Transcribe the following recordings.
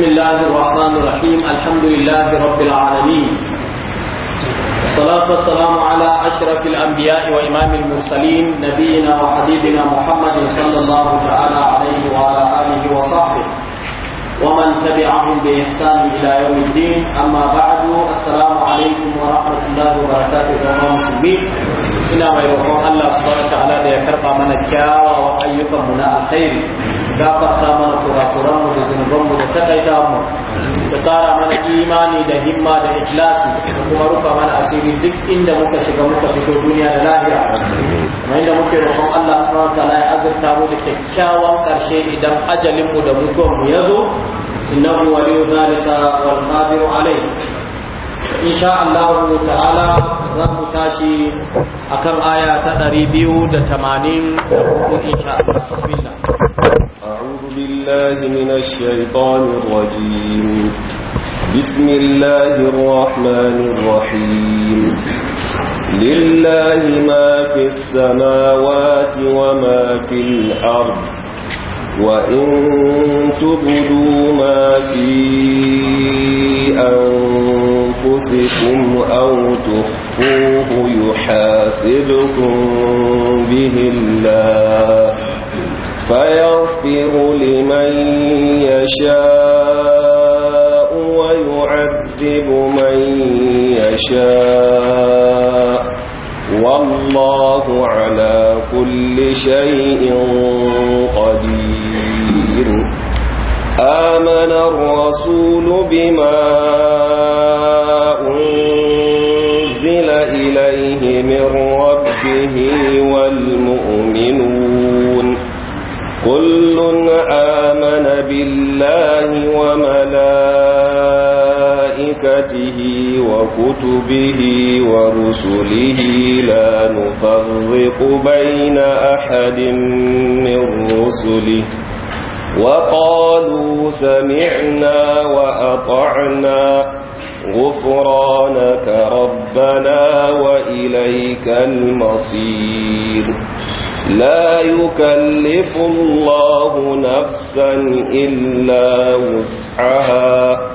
بسم الله الرحمن الرحيم الحمد لله رب العالمين الصلاة والسلام على أشرف الأنبياء وإمام المرسلين نبينا وحبيبنا محمد صلى الله تعالى عليه وعلى آله وصحبه ومن تبعهم بإحسان إلى يوم الدين أما بعد السلام عليكم ورحمة الله وبركاته يا مسلمين إنما يوفق الله سبحانه وتعالى ليكرم من يا وأيكم من الخير ta mana kurakuranmu da zunubanmu da takaita mu da kara mana imani da himma da ikhlasi da kuma rufa mana asiri duk inda muka shiga muka fito duniya da lahira kuma inda muke roƙon Allah subhanahu wa ya azurta mu da kyakkyawan karshe idan ajalin mu da mutuwar mu yazo innahu waliyyu dhalika wal qadiru alayh insha Allah ta'ala za ku tashi a kan aya ta 284 insha Allah bismillah a'udhu na minash shaitanir rajim bismillahir rahmanir rahim lillahi ma fis samawati wa ma fil ardh وإن تبدوا ما في أنفسكم أو تخفوه يحاسبكم به الله فيغفر لمن يشاء ويعذب من يشاء والله على كل شيء قدير آمن الرسول بما أنزل إليه من ربه والمؤمنون كل آمن بالله وملائكته ملائكته وكتبه ورسله لا نفرق بين أحد من رسله وقالوا سمعنا وأطعنا غفرانك ربنا وإليك المصير لا يكلف الله نفسا إلا وسعها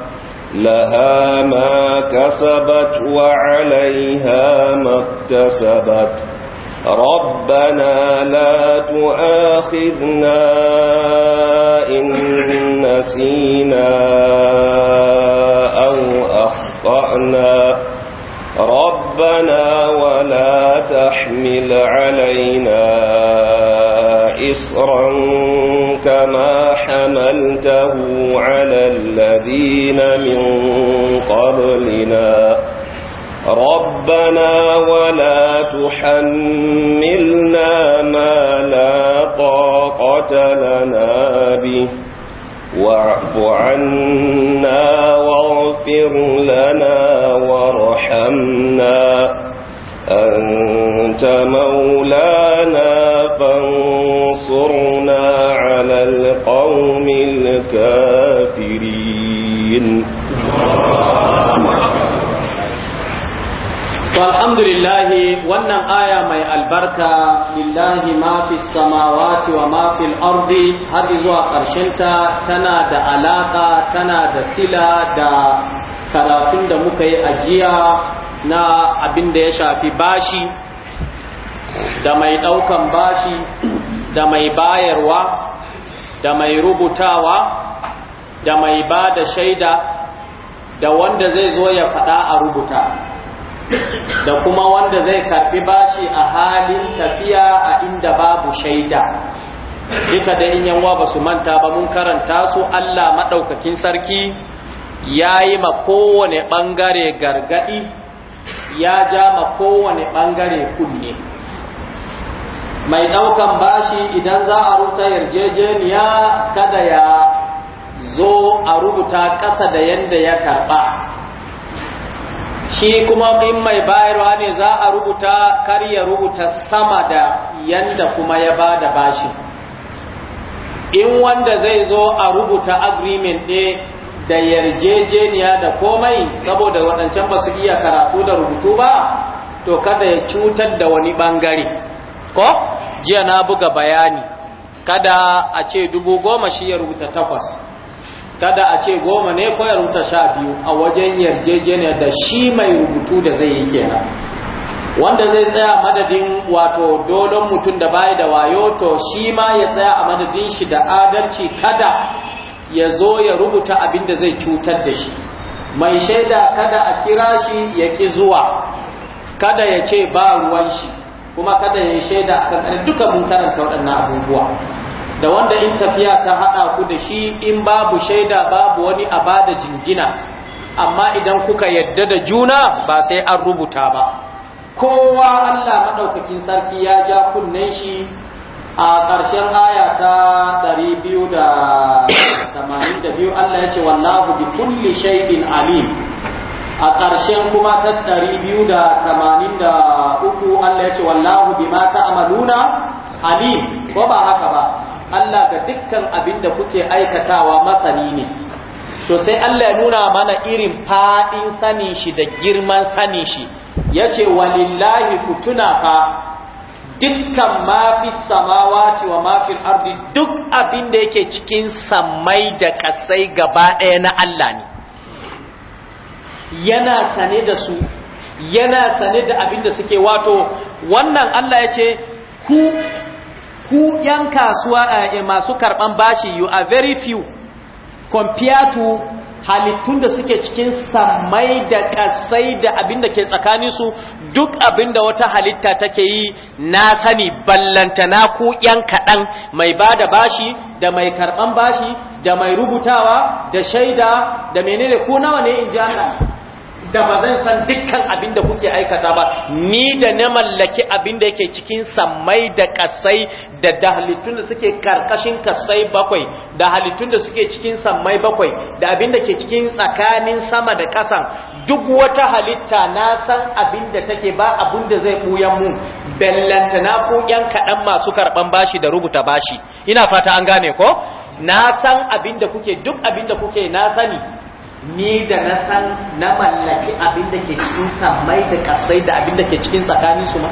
لها ما كسبت وعليها ما اكتسبت ربنا لا تؤاخذنا إن نسينا أو أخطأنا ربنا ولا تحمل علينا إصرا كما حملته على الذين من قبلنا ربنا ولا تحملنا ما لا طاقة لنا به واعف عنا واغفر لنا وارحمنا أنت مولانا فانصرنا على القوم الكافرين lillahi wannan aya mai albarka lillahi mafi fi samawati wa ma fi ardi har zuwa ta tana da alaƙa tana da sila da karatun da muka yi ajiya na abin da ya shafi bashi da mai ɗaukan bashi da mai bayarwa da mai rubutawa da mai ba da shaida da wanda zai zo ya faɗa a rubuta da kuma wanda zai karɓi bashi a halin tafiya a inda babu shaida duka da in yanwa ba su manta ba mun karanta su Allah maɗaukakin sarki ya yi ma kowane ɓangare gargaɗi ya ja ma kowane ɓangare kunne mai ɗaukan bashi idan za a rubuta yarjejeniya kada ya zo a rubuta ƙasa da yadda ya karɓa shi kuma in mai bayarwa ne za a rubuta kar ya rubuta sama da yadda kuma ya ba da bashi in wanda zai zo a rubuta agreement ne da yarjejeniya da komai saboda waɗancan ba su iya karatu da rubutu ba to kada ya cutar da wani ɓangare ko jiya na buga bayani kada a ce dubu goma shi ya rubuta takwas kada a ce goma ne ko ya rubuta sha biyu a wajen yarjejeniya da shi mai rubutu da zai yi kenan wanda zai tsaya a madadin wato dolon mutum da bayi da wayo to shi ma ya tsaya a madadin shi da adalci kada ya zo ya rubuta abin da zai cutar da shi mai shaida kada a kira shi ya ki zuwa kada ya ce ba ruwan shi kuma kada ya shaida a kankanin duka mutanen karanta waɗannan abubuwa da wanda in tafiya ta haɗa ku da shi in babu shaida babu wani a bada jingina amma idan kuka yadda da juna ba sai an rubuta ba kowa Allah maɗaukakin sarki ya ja kunnen shi a ƙarshen aya ta biyu da da tamanin biyu, Allah ya ce wallahu bi kulli shay'in alim a ƙarshen kuma ta biyu da da tamanin uku, Allah ya ce wallahu ma ta'maluna alim ko ba haka ba Allah ga dukkan abin da kuke aikatawa masani ne to sai Allah ya nuna mana irin fadin sani shi da girman sani shi yace walillahi kutuna fa dukkan mafi samawati wa mafi ardi duk abin da yake cikin samai da kasai gaba ɗaya na Allah ne yana sane da su yana sane da abin da suke wato wannan Allah ya ce ku ku yan kasuwa eh, masu karɓan bashi you are very few compared to halittun da suke cikin samai da kasai da abin da ke tsakaninsu duk abin da wata halitta take yi na sani na ku yan kaɗan mai ba da bashi da mai karɓan bashi da mai rubutawa da shaida da menene ko nawa ne in ji Allah da ba zan san dukkan abin da kuke aikata ba ni da na mallaki abin da yake cikin samai da kasai da da halittun da suke karkashin kasai bakwai da halittun da suke cikin samai bakwai da abin da ke cikin tsakanin sama da kasan duk wata halitta na san abin da take ba abin da zai buyan mu bellanta na ku yan kaɗan masu karɓan bashi da rubuta bashi ina fata an gane ko na san abin da kuke duk abin da kuke na sani ni da na san na mallaki abin da ke cikin samai da kasai da abin da ke cikin tsakanin su ma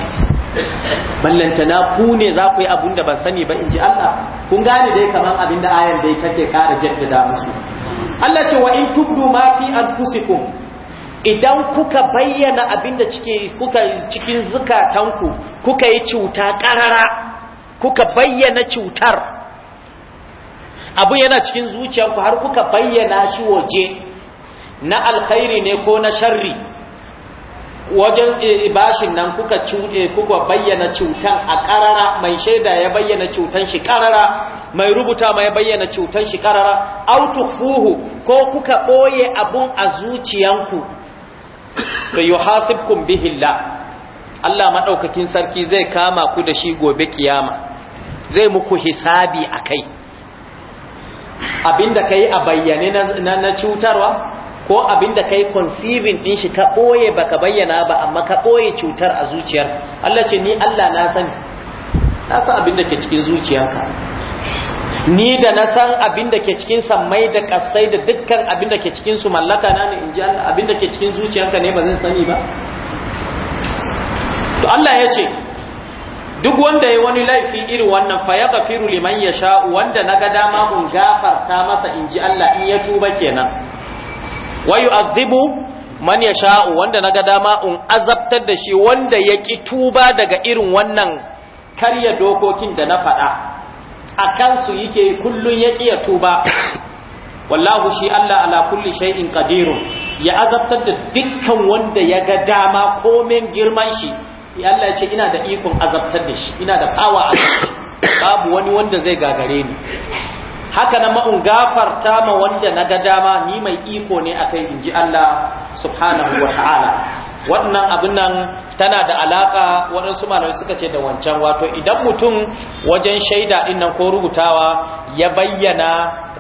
Mallanta na ku ne za ku yi abin da ban sani ba in ji Allah kun gane dai kamar abin da ayar dai take kara jaddada musu Allah ce wa in tubdu ma fi anfusikum idan kuka bayyana abin da cike kuka cikin zukatanku kuka yi cuta karara kuka bayyana cutar abu yana cikin zuciyarku har kuka bayyana shi waje na alkhairi ne ko na sharri wajen eh, bashin nan kuka kuka bayyana cutan a karara mai shaida ya bayyana cutan shi karara mai rubuta mai bayyana cutan shi karara autufuhu ko kuka boye abun a zuciyanku da yuhasibkum bihillah Allah madaukakin sarki zai kama ku da shi gobe kiyama zai muku hisabi a kai abinda kai a bayyane na cutarwa ko abin da kai conceiving din shi ka boye baka bayyana ba amma ka boye cutar a zuciyar Allah ce ni Allah na sani na san abin da ke cikin zuciyarka ni da na san abin da ke cikin samai da kasai da dukkan abin da ke cikin su mallaka na ne inji Allah abin da ke cikin zuciyarka ne ba zan sani ba to Allah ya ce duk wanda ya wani laifi irin wannan fa ya gafiru liman ya sha'u wanda na ga dama in gafarta masa inji Allah in ya tuba kenan wa azibu, man yasha'u wanda naga dama in azabtar da shi wanda ya ki tuba daga irin wannan karya dokokin da na faɗa a kansu yake kullun ya ki ya tuba wallahu shi Allah ala kulli shay'in qadir ya azabtar da dukkan wanda ya ga dama komen girman shi ya Allah ya ce ina da ikon azabtar da shi ina da power a babu wani wanda zai gagare ni haka na ma'un gafarta ma wanda na ga dama ni mai iko ne a kai inji Allah subhanahu wa ta'ala wannan abin nan tana da alaƙa waɗansu malamai suka ce da wancan wato idan mutum wajen shaida ɗin nan ko rubutawa ya bayyana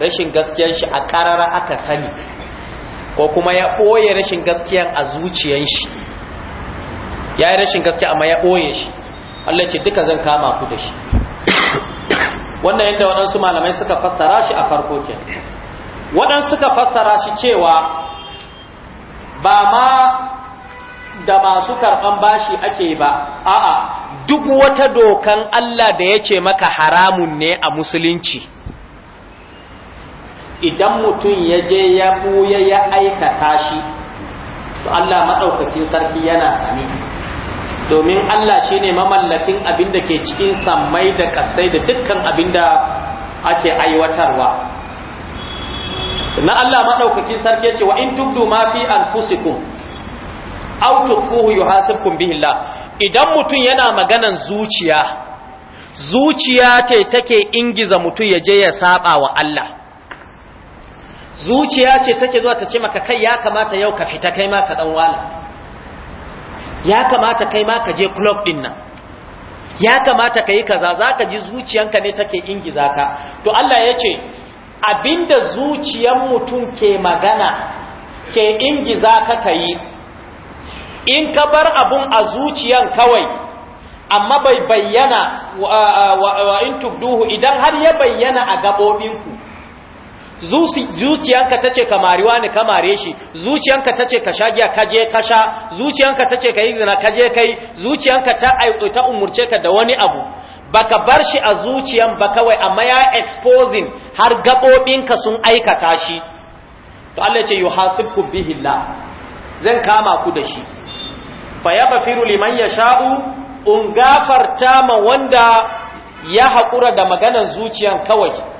rashin gaskiyar shi a ƙarara aka sani ko kuma ya ɓoye rashin gaskiyar a zuciyar shi ya yi rashin gaskiya amma ya ɓoye shi Allah ce duka zan kama ku da shi wannan yadda waɗansu malamai suka fassara shi a farko ke waɗansu suka fassara shi cewa ba ma da masu karɓan bashi ake ba a'a duk wata dokan Allah da ya ce maka haramun ne a musulunci idan mutum ya je ya buya ya aikata shi to Allah maɗaukakin sarki yana sani domin Allah shi ne mamallakin abin da ke cikin sammai da kasai da dukkan abin da ake aiwatarwa na Allah maɗaukakin sarki ce wa in tubdu ma fi anfusikum aw tukhfuhu yuhasibkum bihi Allah idan mutum yana maganan zuciya zuciya ce take ingiza mutum ya je ya saba wa Allah zuciya ce take zuwa ta ce maka kai ya kamata yau ka fita kai ma ka wala ya kamata kai ma ka je club din nan ya kamata ka yi kaza za ka ji zuciyanka ne take ingiza ka to Allah ya ce abinda zuciyan mutum ke magana ke ingiza ka ka yi in ka bar abun a zuciyan kawai amma bai bayyana wa, in tubduhu idan har ya bayyana a gabobinku zuciyanka tace ce ka mariwa ne ka mare shi zuciyanka ta ce ka sha ka je ka sha zuciyanka ta ka yi zina ka je kai zuciyanka ta aiko ta umurce ka da wani abu baka bar shi a zuciyan ba kawai amma ya exposing har gaɓoɓinka sun aikata shi to Allah ce yuhasibku bihi Allah zan kama ku da shi fa ya yaghfiru liman yasha'u un gafarta ma wanda ya haƙura da maganan zuciyan kawai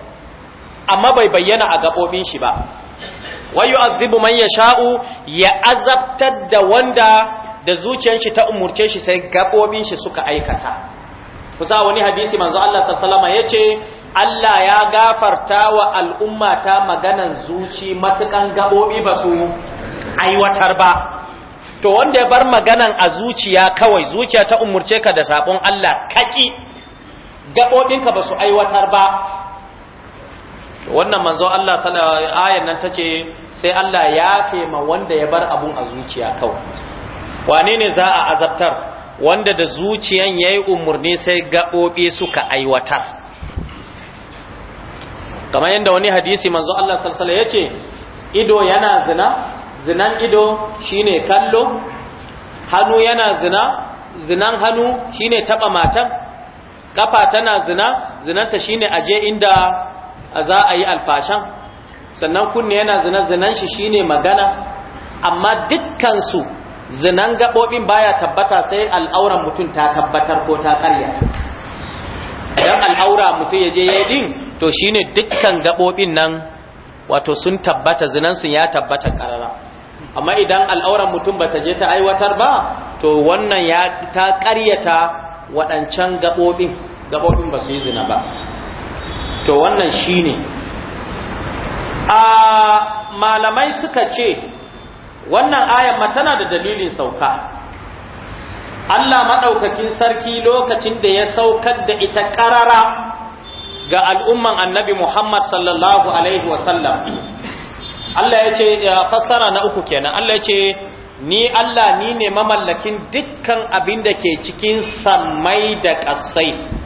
amma bai bayyana a gaɓoɓin shi ba wayu azibu man yasha'u sha'u ya azabtar da wanda da zuciyar shi ta umurce shi sai gaɓoɓin shi suka aikata kusa wani hadisi manzo Allah sallama ya ce Allah ya gafarta wa al'ummata maganan zuci matukan gaɓoɓi ba su aiwatar ba to wanda ya bar maganan a zuciya kawai zuciya ta umurce ka da sabon Allah kaki gabobinka ba su aiwatar ba wannan manzo Allah ayan nan tace sai Allah ya ma wanda ya bar abun a zuciya kawai wane ne za a azabtar wanda da zuciyan yayi umarni sai gabobe suka aiwatar kamar yadda wani hadisi manzo Allah sallallahu alaihi yace ido yana zina zinan ido shine kallo hannu yana zina zinan hannu shine taɓa matan ƙafa tana zina zinanta shine aje inda a za a yi alfashan sannan kunne yana zina-zinan shi shine magana amma dukkansu zinan gaɓoɓin baya tabbata sai al'auran mutum ta tabbatar ko ta ƙarya don al'aura mutum ya je ya din to shine dukkan gaɓoɓin nan wato sun tabbata zinansu ya tabbata ƙarara amma idan al'auran mutum ba ta je ta aiwatar ba to wannan ya ta ƙaryata waɗancan gaɓoɓin gaɓoɓin ba su yi zina ba to wannan shi ne. a malamai suka ce wannan ayan tana da dalilin sauka Allah maɗaukakin sarki lokacin da ya saukar da ita ƙarara ga al'umman annabi Muhammad sallallahu Alaihi wasallam. Allah ya ce, fassara na uku kenan, Allah ya ce, Ni Allah ni ne mamallakin dukkan abin da ke cikin samai da ƙasai.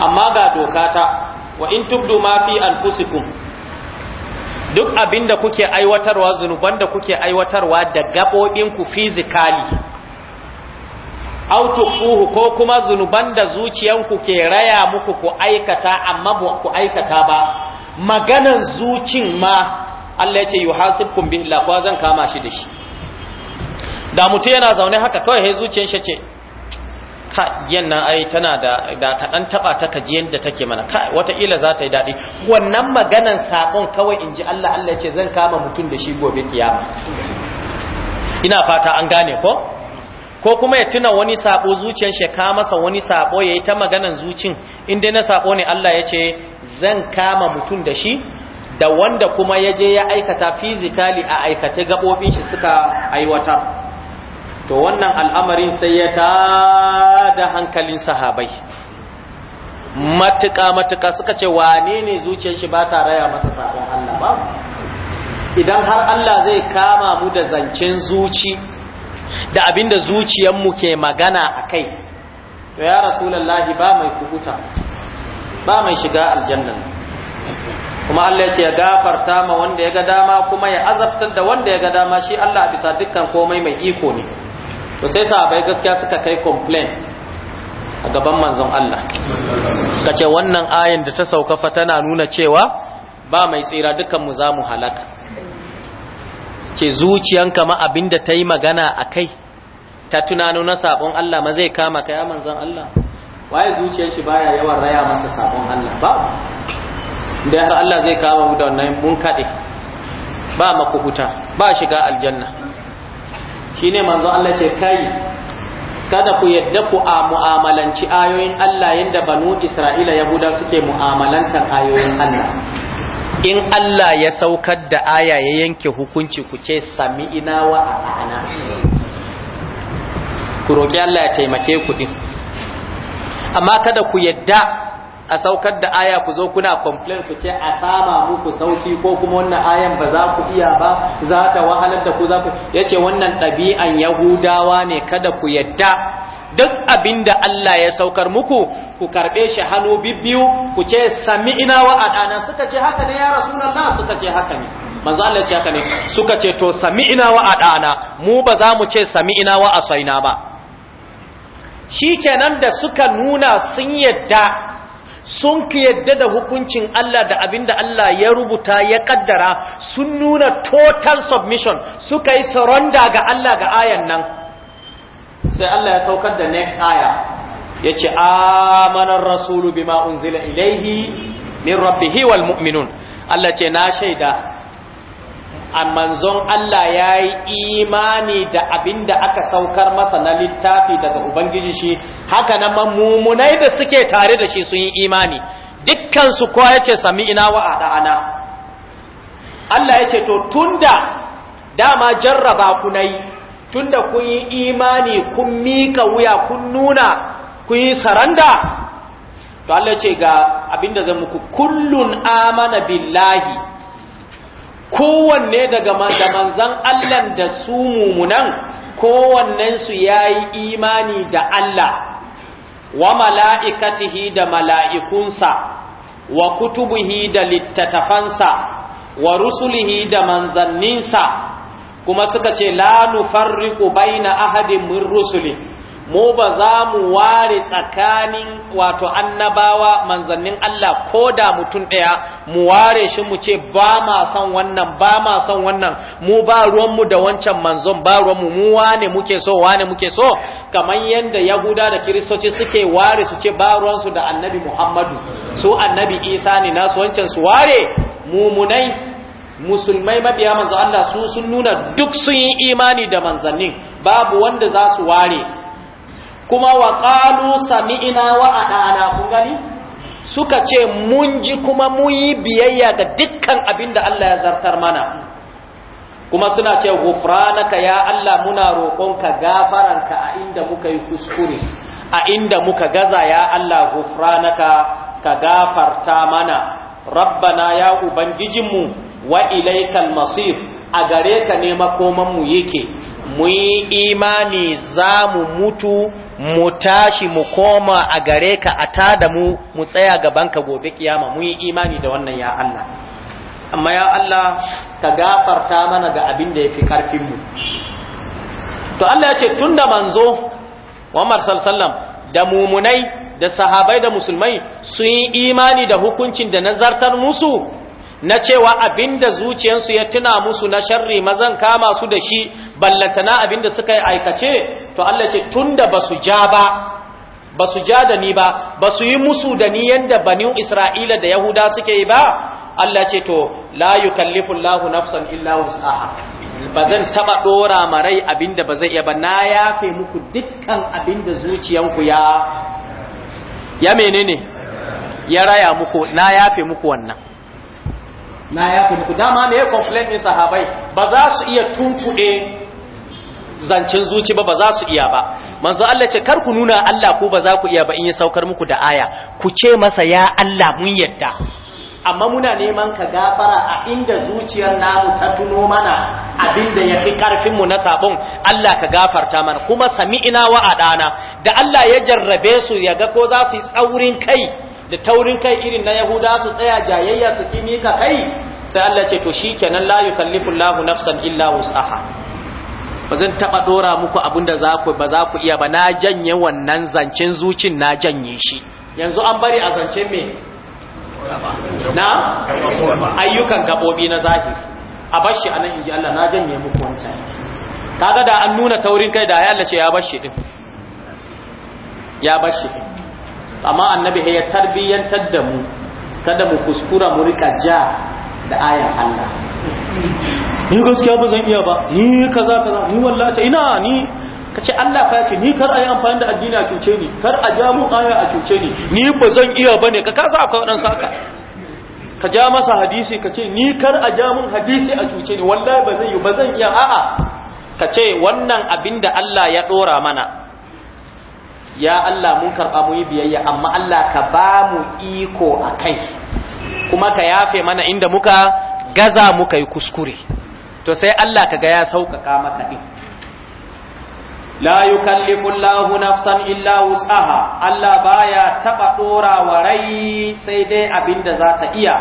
amma ga dokata wa in tubdu ma fi anfusikum duk abinda kuke aiwatarwa zunuban da kuke aiwatarwa da gabobin ku physically auto ko kuma zunuban da zuciyanku ke raya muku ku aikata amma ba ku aikata ba maganan zucin ma Allah ya ce yuhasibkum billahi ko zan kama shi da shi da mutum yana zaune haka kawai sai zuciyar ce ka yan nan ai tana da da ka dan taba ta kaji yanda take mana ka wata ila za ta yi dadi wannan maganan sakon kawai in ji Allah Allah yace zan kama mutum da shi gobe kiyama ina fata an gane ko ko kuma ya tuna wani sabo zuciyar shi ka masa wani sabo yayi ta maganan zucin in dai na sabo ne Allah yace zan kama mutum da shi da wanda kuma ya je ya aikata fizikali a aikace gabobin shi suka aiwatar to wannan al'amarin sai ya ta da hankalin sahabai matuka matuka suka ce wane ne zuciyar shi ba ta raya masa sabon Allah ba idan har Allah zai kama mu da zancen zuci da abinda zuciyarmu ke magana a kai to ya rasulallahi ba mai kubuta ba mai shiga aljannan kuma Allah ya ce ya gafarta ma wanda ya ga dama kuma ya azabtar da wanda ya ga dama shi Allah bisa dukkan komai mai iko ne to sai sahabai gaskiya suka kai complain a gaban manzon Allah ka ce wannan ayin da ta sauka fa tana nuna cewa ba mai tsira dukan mu zamu halaka Ke zuciyanka ma abinda ta yi magana a kai ta tunano na sabon Allah ma zai kama ka ya manzon Allah waye zuciyar shi baya yawan raya masa sabon Allah ba? da har Allah zai kama mu da wannan mun kade ba makuhuta ba shiga aljanna Shi ne manzo Allah ce kai kada ku yadda ku a mu'amalanci ayoyin Allah yadda banu Isra'ila Yahuda suke mu'amalantar ayoyin Allah in Allah ya saukar da aya ya yanke hukunci ku ce sami ina wa ana ku roƙi Allah ya taimake ku din amma kada ku yadda a saukar da aya ku zo kuna complain ku ce a sama muku sauki ko kuma wannan ayan ba za ku iya ba za ta wahalar da ku za ku yace wannan ɗabi'an yahudawa ne kada ku yadda duk abinda Allah ya saukar muku ku karbe shi hannu bibbiyu ku ce sami'ina wa adana suka ce haka ne ya rasulullah suka ce haka ne manzo Allah ce haka ne suka ce to sami'ina wa adana mu ba za mu ce sami'ina wa asaina ba shikenan da suka nuna sun yadda sun yadda da hukuncin Allah da abin da Allah ya rubuta ya kaddara sun nuna total submission suka yi saronda ga Allah ga ayan nan sai Allah ya saukar da next aya ya ce amanar rasulu bima unzila ilaihi min rabbihi wal mu'minun Allah ce na shaida a manzon Allah ya yi imani da abin da aka saukar masa na littafi daga Ubangiji shi haka nan mummunai da suke tare da shi sun yi imani dukkansu kuwa ya ce sami ina wa ana Allah ya ce to tun da dama jarraba kunai da kun yi imani kun mika wuya kun nuna kun yi saranda to Allah ya ce ga da zan muku kullun amana billahi kowanne daga manzan Allah da su mumunan kowannensu ya yi imani da Allah wa mala'ikatihi da mala'ikunsa wa kutubuhi da littattafansa wa rusulihi da manzanninsa kuma suka ce la bai baina ahadin mun rusulihi mu ba za mu ware tsakanin wato annabawa manzannin Allah ko da mutum ɗaya mu ware shi mu ce ba ma son wannan ba ma son wannan mu ba ruwanmu da wancan manzon ba ruwanmu mu wane muke so wane muke so kamar yadda yahuda da kiristoci suke ware su ce ba ruwansu da annabi muhammadu su annabi isa ne nasu wancan su ware mumunai musulmai mabiya manzo Allah su sun nuna duk sun yi imani da manzannin babu wanda za su ware kuma wa ƙalu sami'ina wa aɗana kun gani suka ce mun ji kuma mun yi biyayya ga dukkan abin da Allah ya zartar mana kuma suna ce gufranaka ya Allah muna roƙonka gafaranka a inda muka yi kuskure a inda muka gaza ya Allah gufranaka ka gafarta mana rabbana ya ubangijinmu wa ilaikal masir a gare ka ne makomanmu yake Muyi imani za mu mutu mu tashi mu koma a gare ka a tada mu mu tsaya gaban ka gobe kiyama mu yi imani da wannan ya Allah amma ya Allah ka gafarta mana ga abin da ya fi ƙarfinmu to Allah ya ce tun da manzo Muhammad sallallahu da mumunai da sahabai da musulmai sun yi imani da hukuncin da nazartar musu na cewa abinda zuciyarsu ya tuna musu na sharri mazan kama su da shi ballatana abinda suka yi aikace to Allah ce tunda basu ja ba basu ja da ni ba basu yi musu da ni yanda banin Isra'ila da Yahuda suke yi ba Allah ce to la yukallifu Allahu nafsan illa wus'aha bazan taba dora marai abinda ba zai iya ba na yafe muku dukkan abinda zuciyanku ya ya menene ya raya muku na yafe muku wannan na ya fi muku dama ne ya complain ne sahabai ba za su iya tuntuɗe zancen zuci ba ba za su iya ba manzo Allah ce kar ku nuna Allah ko ba za ku iya ba in ya saukar muku da aya ku ce masa ya Allah mun yadda amma muna neman ka gafara a inda zuciyar namu ta tuno mana abinda ya fi mu na sabon Allah ka gafarta mana kuma sami'ina wa adana da Allah ya jarrabe su ya ga ko za su yi tsaurin kai da taurin kai irin na yahuda su tsaya jayayya su kimi ka kai sai Allah ce to shikenan la yukallifu Allahu nafsan illa wus'aha ba zan taɓa ɗora muku abin da ba za ku iya ba na janye wannan zancen zucin na janye shi yanzu an bari a zancen me na ayyukan gaɓoɓi na zahiri a bashi a nan inji Allah na janye muku wancan kaga da an nuna taurin kai da ya Allah ce ya bashi din ya bashi din amma annabi ya tarbiyyantar da mu kada mu kuskura mu rika ja da ayan Allah ni gaskiya ba zan iya ba ni kaza kaza ni wallahi ina ni kace Allah ka ce ni kar a yi amfani da addini a cuce ni kar a ja mu aya a cuce ni ni ba zan iya ba ne ka kasa akwai waɗansu haka ka ja masa hadisi ka ce ni kar a ja mun hadisi a cuce ni wallahi ba zan yi ba zan iya a'a ka ce wannan abinda Allah ya ɗora mana ya Allah mun karɓa mu yi biyayya amma Allah ka ba mu iko akai kuma ka yafe mana inda muka gaza muka yi kuskure to sai Allah kaga ya sauƙaƙa maka din la yukallifullahu nafsan illa wus'aha Allah baya taba dora warai, sai dai abinda za ta iya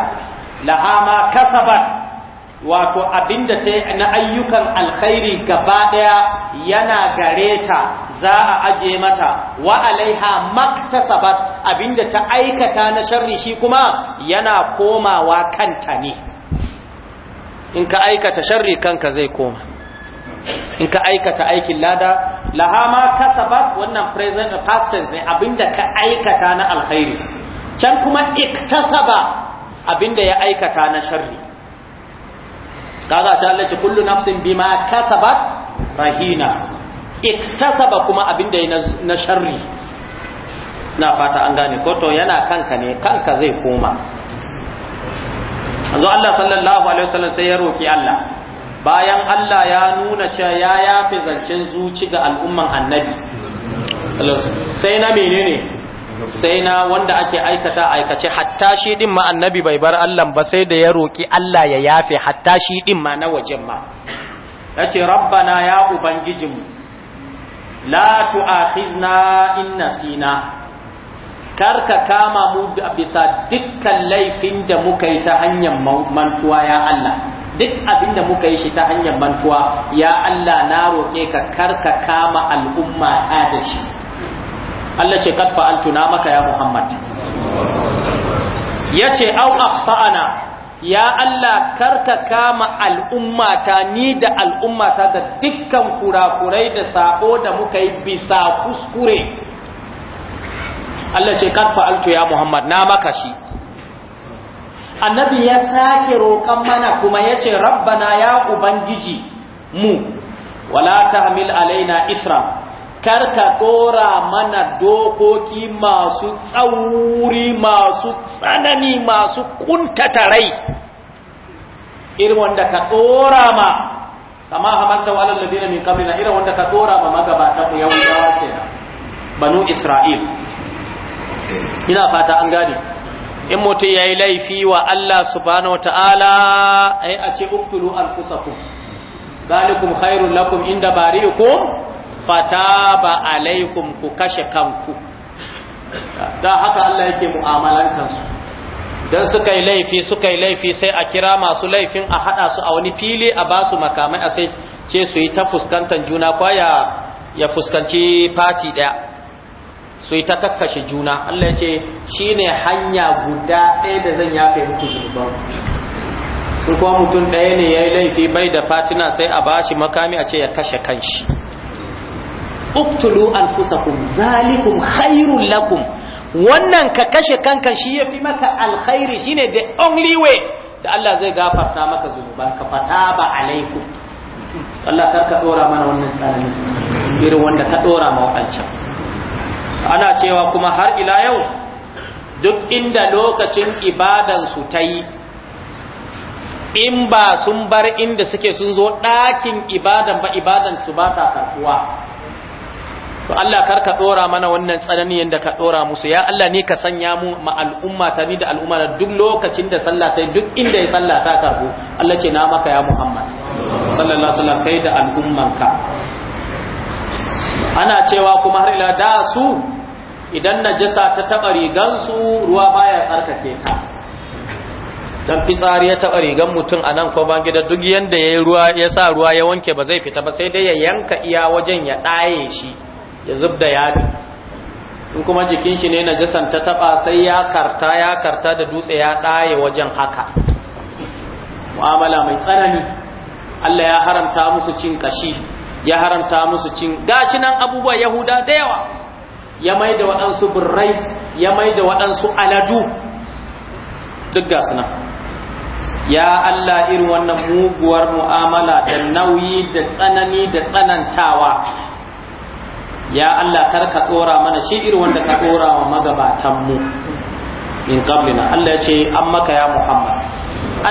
laha ma kasabat wato abinda ta na ayyukan alkhairi gaba daya yana gareta, za a aje mata wa alaiha maktasabat abinda ta aikata na sharri shi kuma yana komawa kanta ne in ka aikata sharri kanka zai koma in ka aikata aikin lada lahama kasabat wannan present past tense ne abinda ka aikata na alkhairi can kuma iktasaba abinda ya aikata na sharri kaza ta Allah ce kullu nafsin bima kasabat rahina iktasaba kuma abinda ya na sharri na fata an gane ko to yana kanka ne kanka zai koma Yanzu Allah sallallahu alaihi wasallam sai ya roki Allah bayan Allah ya nuna cewa ya yafi zancen zuci ga al'umman annabi sai na menene sai na wanda ake aikata aikace hatta shi din ma annabi bai bar Allah ba sai da ya roki Allah ya yafe hatta shi din ma na wajen ma yace rabbana ya ubangijinmu la tu'akhizna in nasina karka kama mu bisa dukkan laifin da muka yi ta hanyar mantuwa ya Allah duk abin da muka yi shi ta hanyar mantuwa ya Allah na roƙe ka karka kama al'umma ta da shi Allah ce kad fa'altu na maka ya Muhammad Ya ce au akhta'ana ya Allah karka kama al'ummata ni da al'ummata da dukkan kurakurai da sabo da muka yi bisa kuskure Allah ce kad fa'altu ya Muhammad na maka shi annabi ya sake roƙan mana kuma yace rabbana ya ubangiji mu wala tahmil alaina isra kar ka dora mana dokoki masu tsauri masu tsanani masu kuntata rai irin wanda ka dora ma kama hamanta wa alal ladina min qablina irin wanda ka dora ma magabatan mu yahudawa kenan banu isra'il ina fata an gane in mutum ya yi laifi wa Allah subhanahu Ta'ala, ai a ce uktulu anfusakum dalikum khairun lakum inda fata ba alaikum ku kashe kanku da haka Allah yake kansu. don suka yi laifi suka yi laifi sai a kira masu laifin a haɗa su a wani fili a ba su makamai a sai ce su yi ta fuskantar juna kwaya ya fuskanci fati ɗaya su ta kakkashe juna Allah ya ce shi ne hanya guda ɗaya da zan yafe muku zunuban su kuma mutum ɗaya ne ya yi laifi bai da fatina sai a bashi makami a ce ya kashe kanshi uktulu anfusakum zalikum khairul lakum wannan ka kashe kanka shi yafi maka alkhairi shine the only way da Allah zai gafarta maka zunuban ka fataba alaikum Allah karka dora mana wannan tsananin irin wanda ka dora ma wancan ana cewa kuma har ila yau duk inda lokacin ibadansu ta yi in ba sun bar inda suke sun zo ɗakin ibadan ba ibadan su ba ta karkuwa to Allah kar ka ɗora mana wannan tsanani yadda ka ɗora musu ya Allah ne ka sanya mu ma al'umma ta ni da al'umma da duk lokacin da sallah ta duk inda ya sallah ta karbu Allah ce na maka ya Muhammad sallallahu alaihi wasallam kai da al'ummanka ana cewa kuma har ila da su idan najasa ta taɓa rigansu ruwa baya tsarkake ta don fitsari ya taɓa rigan mutum anan nan ko ban gida duk yadda ya ruwa ya sa ruwa ya wanke ba zai fita ba sai dai ya yanka iya wajen ya ɗaye shi ya zub da yadi in kuma jikin shi ne najasan ta taɓa sai ya karta ya karta da dutse ya ɗaye wajen haka mu'amala mai tsanani Allah ya haramta musu cin kashi ya haramta musu cin gashi nan abubuwa yahuda da yawa ya mai da waɗansu birrai ya mai da waɗansu aladu duk gasu nan ya Allah irin wannan muguwar mu'amala da nauyi da tsanani da tsanantawa ya Allah kar ka tsora mana shi irin wanda ka tsora wa magabatanmu in qablina Allah ya ce an maka ya Muhammad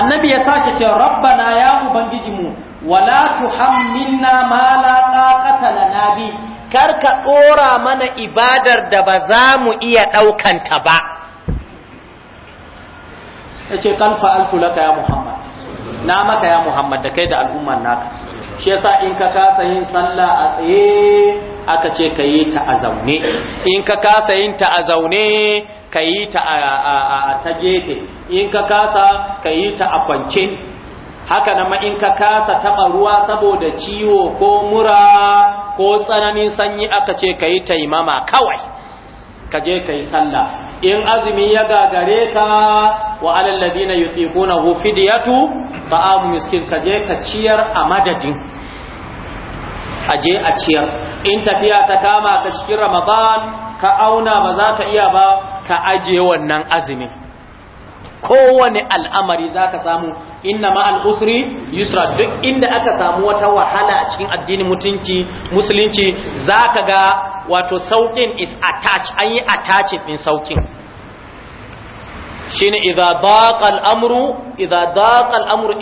annabi ya sake ce rabbana ya ubangiji mu wala tuhammilna ma la taqata lana bi kar ka dora mana ibadar da ba za mu iya daukan ta ba yace kan fa'altu laka ya muhammad na maka ya muhammad da kai da al'ummar naka shi yasa in ka kasa yin sallah a tsaye aka ce ka yi ta a zaune in ka kasa yin ta a zaune ka yi ta a ta gefe in ka kasa ka yi ta a kwance haka nan in ka kasa taɓa ruwa saboda ciwo ko mura ko tsananin sanyi aka ce ka yi taimama kawai ka je ka yi sallah in azumi ya gagare ka wa alalladina yutiqunahu fidyatu ta'amu miskin ka je ka ciyar a madadin a je a ciyar in tafiya ta kama ka cikin ramadan ka auna ba za ka iya ba ka ajiye wannan azumin kowane al'amari za ka samu inna ma'al al'usri yusra duk inda aka samu wata wahala a cikin addinin mutunci musulunci za ka ga wato saukin is attached an yi attached din saukin shine idza daqa al'amru idza daqa al'amru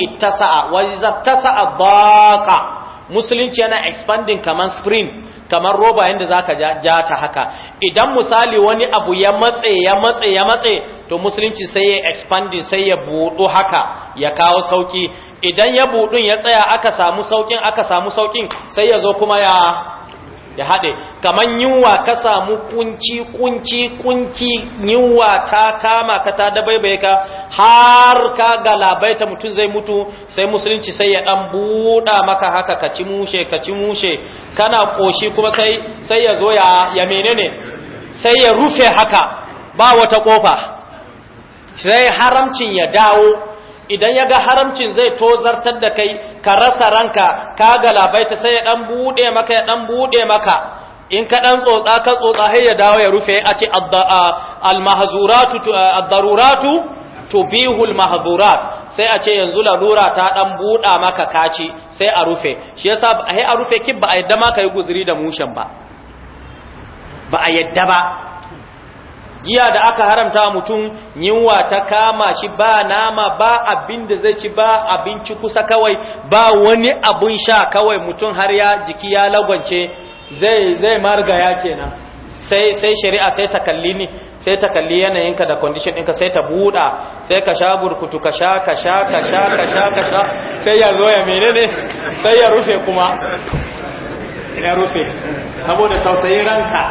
musulunci yana expanding kamar spring kamar roba yanda zaka ja ta haka idan misali wani abu ya matse ya matse ya matse to musulunci sai ya expanding sai ya buɗu haka ya kawo sauki idan ya buɗun ya tsaya aka samu saukin aka samu saukin sai ya zo kuma ya ya haɗe kaman yunwa ka samu kunci kunci kunci yunwa ta kama ka ta dabaibaye ka har ka galabaita mutum zai mutu sai musulunci sai ya ɗan buɗa maka haka ka ci mushe ka ci mushe kana ƙoshi kuma sai sai ya zo ya ya menene sai ya rufe haka ba wata ƙofa sai haramcin ya dawo idan ya ga haramcin zai tozartar da kai ka rasa ranka ka ga galabaita sai ya dan bude maka ya dan bude maka in ka dan tsotsa ka tsotsa har ya dawo ya rufe a ce al-mahzuratu ad-daruratu tubihu al-mahzurat sai a ce yanzu larura ta dan buda maka kaci sai a rufe shi yasa sai a rufe kibba a yadda ma yi guzuri da mushen ba ba a yadda ba giya da aka haramta mutum yinwa ta kama shi ba nama ba abin da zai ci ba abinci kusa kawai ba wani abun sha kawai mutum har ya jiki ya lagwance zai zai ya kenan sai sai shari'a sai ta kalli ni sai ta kalli yanayinka da condition ɗinka sai ta buɗa sai ka sha burkutu ka sha ka sha ka sha ka sha ka sha sai ya zo ya menene sai ya rufe kuma ya rufe saboda tausayin ranka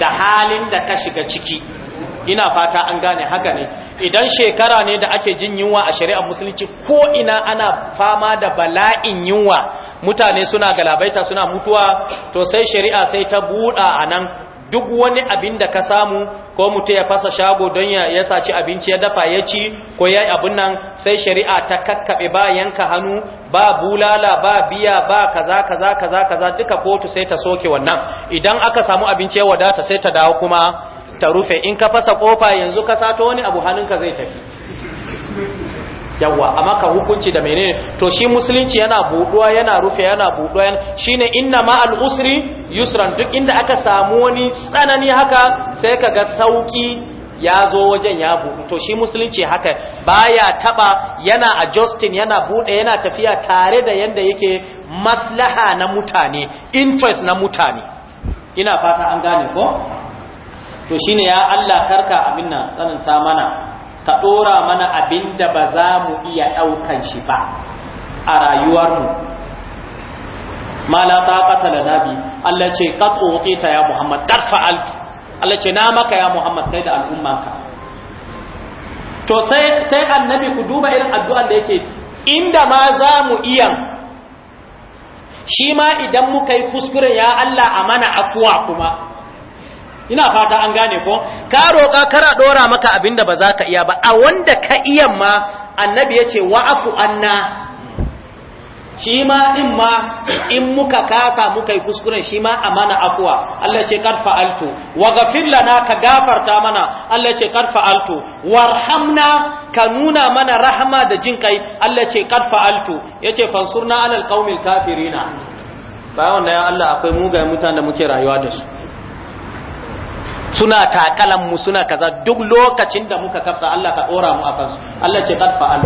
da halin da ka shiga ciki ina fata an gane haka ne idan shekara ne da ake jin yunwa a shari'ar musulunci ko ina ana fama da bala'in yunwa mutane suna galabaita suna mutuwa to sai shari'a sai ta buɗa a nan duk wani abin da ka samu ko mutum ya fasa shago don ya saci abinci ya dafa ya ci ko ya yi abin nan sai shari'a ta kakkaɓe ba yanka hannu ba bulala ba biya ba kaza kaza kaza kaza duka kotu sai ta soke wannan idan aka samu abinci ya wadata sai ta dawo kuma ta rufe in ka fasa kofa yanzu ka sato wani abu ka zai tafi yawa amma ka hukunci da menene to shi musulunci yana buduwa yana rufe yana buduwa shine inna ma'al usri yusran duk inda aka samu wani tsanani haka sai ka ga sauki ya zo wajen ya bu to shi musulunci haka baya taba yana adjusting yana buɗe yana tafiya tare da yanda yake maslaha na mutane interest na mutane ina fata an gane ko to shine ya Allah karka abin nan tsananta mana ka ɗora mana abin da ba za mu iya ɗaukan shi ba a rayuwarmu mala ta katala nabi Allah ce ka tsotse ta ya Muhammad tarfa altu Allah ce na maka ya Muhammad kai da al'ummanka to sai sai annabi ku duba irin addu'an da yake inda ma za mu iya shi ma idan muka yi kuskure ya Allah a mana afuwa kuma ina fata an gane ko ka roƙa kara ɗora maka abin da ba za ka iya ba a wanda ka iya ma annabi ya ce wa'afu anna shi ma in ma in muka kasa muka yi kuskuren shi ma a mana afuwa Allah ce karfa altu wa gafir lana ka gafarta mana Allah ce karfa altu warhamna ka nuna mana rahama da jin kai Allah ce karfa altu yace fansurna alal qaumil kafirina bayan wannan Allah akwai mugayen mutanen da muke rayuwa da su suna takalan mu suna kaza duk lokacin da muka kafsa Allah ka dora mu akan su Allah ce qad fa'al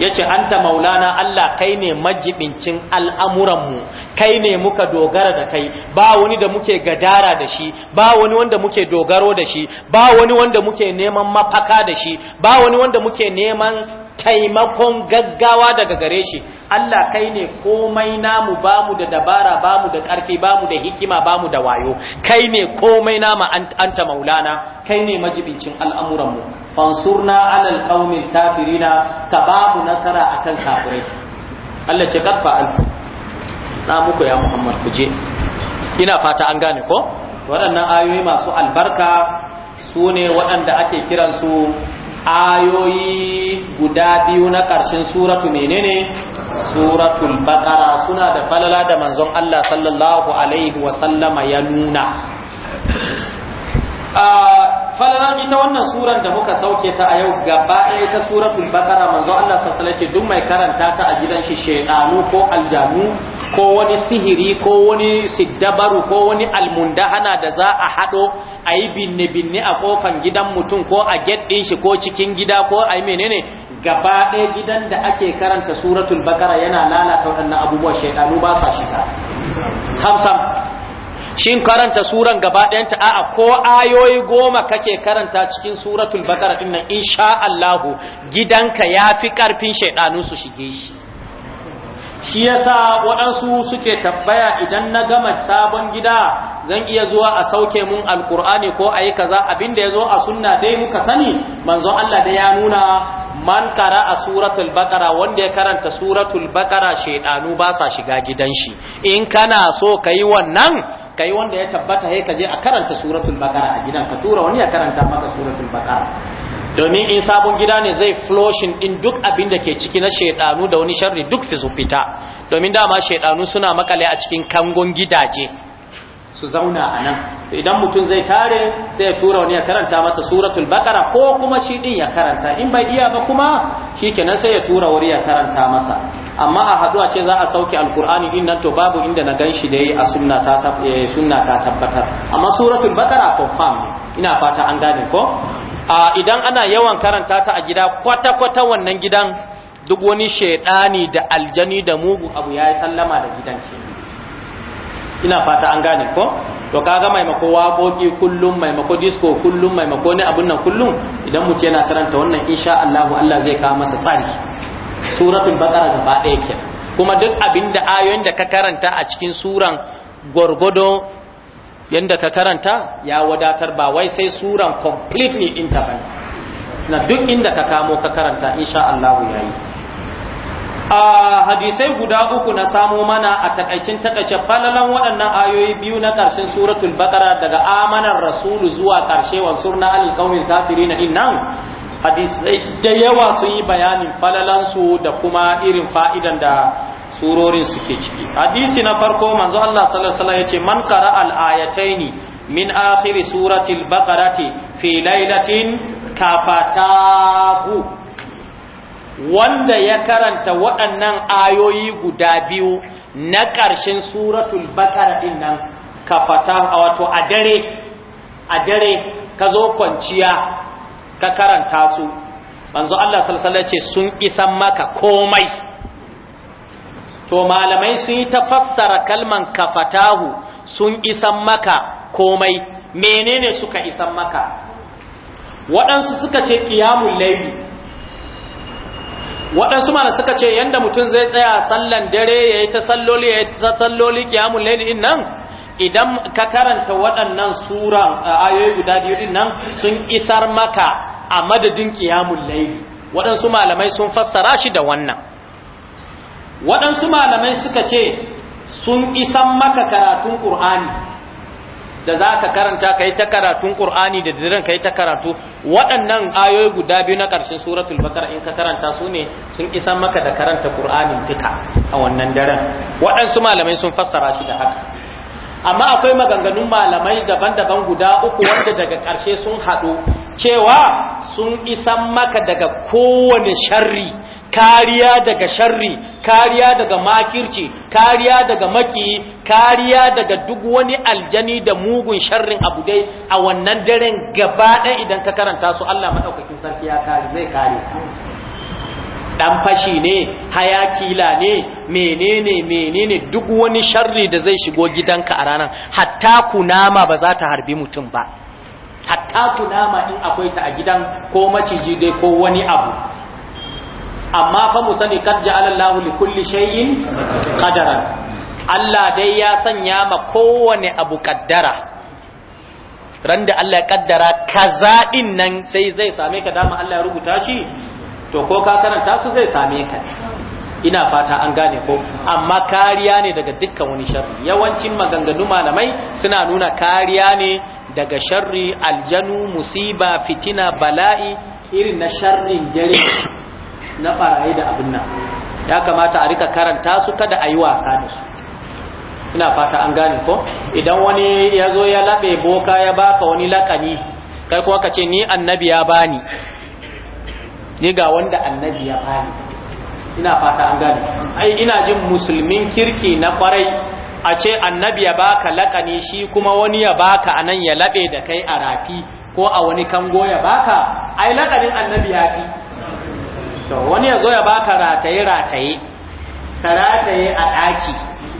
yace anta maulana Allah kai ne majibincin al'amuran mu kai ne muka dogara da kai ba wani da muke gadara da shi ba wani wanda muke dogaro da shi ba wani wanda muke neman mafaka da shi ba wani wanda muke neman taimakon gaggawa daga gare shi Allah kai ne komai namu bamu da dabara bamu da ƙarfi bamu da hikima bamu da wayo kai ne komai namu anta maulana kai ne majibincin al'amuranmu fansurna alal qaumil kafirina ka bamu nasara akan kafirai Allah ce kafa alku na muku ya Muhammad kuje ina fata an gane ko waɗannan ayoyi masu albarka sune waɗanda ake kiransu ayoyi guda biyu na ƙarshen suratu menene suratul baqara suna da falala da manzon Allah sallallahu alaihi wa sallama ya nuna falala ita wannan surar da muka sauke ta a yau gaba ɗaya ta suratul baqara manzon Allah sallallahu alaihi duk mai karanta ta a gidan shi shaydanu ko aljanu ko wani sihiri ko wani siddabaru ko wani almundahana da za a haɗo a yi binne-binne a ƙofan gidan mutum ko a gyaɗin shi ko cikin gida ko a yi menene gaba ɗaya gidan da ake karanta suratul bakara yana lalata waɗannan abubuwan shaidanu ba sa shiga hamsam shin karanta suran gaba ɗayanta a'a ko ayoyi goma kake karanta cikin suratul bakara ɗin nan insha Allahu gidanka ya fi ƙarfin shaidanu su shige shi shi yasa waɗansu suke tabbaya idan na gama sabon gida zan iya zuwa a sauke mun alkur'ani ko ayi yi kaza abinda ya zo a sunna dai muka sani manzon Allah da ya nuna man kara a suratul bakara wanda ya karanta suratul baqara shedanu ba sa shiga gidan shi in kana so ka wannan kai wanda ya tabbata ka je a karanta suratul baqara a gidan ka tura wani ya karanta maka suratul baqara domin in sabon gida ne zai floshin din duk abin da ke ciki na shaidanu da wani sharri duk fi fita domin dama shaidanu suna makale a cikin kangon gidaje su zauna a nan idan mutum zai tare sai ya tura wani ya karanta mata suratul bakara ko kuma shi din ya karanta in bai iya ba kuma shi kenan sai ya tura wuri ya karanta masa amma a haɗu a ce za a sauke alkur'ani din nan to babu inda na ganshi da yi a eh, sunna ta tabbatar amma suratul bakara confirm ina fata an gane ko Aa, idan ana yawan karanta ta a gida kwata-kwata wannan gidan duk wani shaidani da aljani da mugu abu ya yi sallama da gidan ke ina fata an gane ko to kaga maimako waƙoƙi kullum maimako disco kullum maimako ne abun nan kullum idan mutum yana karanta wannan insha Allah Allah zai kawo masa tsari suratul baqara gaba ɗaya kenan kuma duk abinda ayoyin da ka karanta a cikin suran gwargwado yanda ka karanta ya wadatar ba wai sai suran completely ɗinta ba na duk inda ka kamo ka karanta insha Allah ya yi a hadisai guda uku na samo mana a takaicin takaice falalan waɗannan ayoyi biyu na ƙarshen suratul baqara daga amanar rasulu zuwa ƙarshe wa surna alil qawmil kafirin innan hadisai da yawa sun yi bayanin falalan su da kuma irin fa'idan da surorin suke ciki hadisi na farko manzo Allah sallallahu alaihi wasallam yace man qara al ayataini min akhir surati al baqarati fi lailatin kafatahu wanda ya karanta waɗannan ayoyi guda biyu na ƙarshen suratul baqara din nan kafata wato a dare a dare ka zo kwanciya ka karanta su manzo Allah sallallahu alaihi wasallam yace sun isan maka komai to malamai sun yi ta kalman kafatahu sun isan maka komai menene suka isan maka waɗansu suka ce ƙiyamun laifi? waɗansu mana suka ce yadda mutum zai tsaya sallan dare ya yi ta salloli ya yi ta salloli ƙiyamun laili in nan idan ka karanta waɗannan suran ayoyi guda biyu din nan sun isar maka a madadin ƙiyamun laifi? waɗansu malamai sun fassara shi da wannan waɗansu malamai suka ce sun isan maka karatun ƙur'ani da za ka karanta ka yi ta karatun ƙur'ani da diran ka yi ta karatu waɗannan ayoyi guda biyu na ƙarshen suratul bakar in ka karanta su ne sun isan maka da karanta ƙur'anin duka a wannan daren waɗansu malamai sun fassara shi da haka amma akwai maganganun malamai daban-daban guda uku wanda daga ƙarshe sun haɗu cewa sun isan maka daga kowane sharri kariya daga sharri kariya daga makirci kariya daga maki kariya daga duk wani aljani da mugun sharrin abu dai a wannan daren gaba ɗaya idan ka karanta su Allah maɗaukakin sarki ya kare zai kare dan fashi ne hayakila ne menene menene duk wani sharri da zai shigo gidanka a ranar hatta kunama ba za ta harbi mutum ba hatta kunama in akwai ta a gidan ko maciji dai ko wani abu amma fa mu sani kad ja'ala Allahu li kulli shay'in qadara Allah dai ya sanya ma kowane abu kaddara ran da Allah ya kaddara kaza din nan sai zai same ka dama Allah ya rubuta shi to ko ka karanta su zai same ka ina fata an gane ko amma kariya ne daga dukkan wani sharri yawancin maganganu malamai suna nuna kariya ne daga sharri aljanu musiba fitina bala'i irin na sharrin dare na barayi da abin nan ya kamata a rika karanta su kada a yi wasa da su ina fata an gane ko idan wani ya zo ya labe boka ya baka wani lakani kai kuma ka ce ni annabi ya bani ni ga wanda annabi ya bani ina fata an gane ai ina jin musulmin kirki na kwarai a ce annabi ya baka lakani shi kuma wani ya baka anan ya labe da kai a rafi ko a wani kango ya baka ai lakanin annabi ya fi to wani ya zo ya baka rataye rataye ka rataye a ɗaki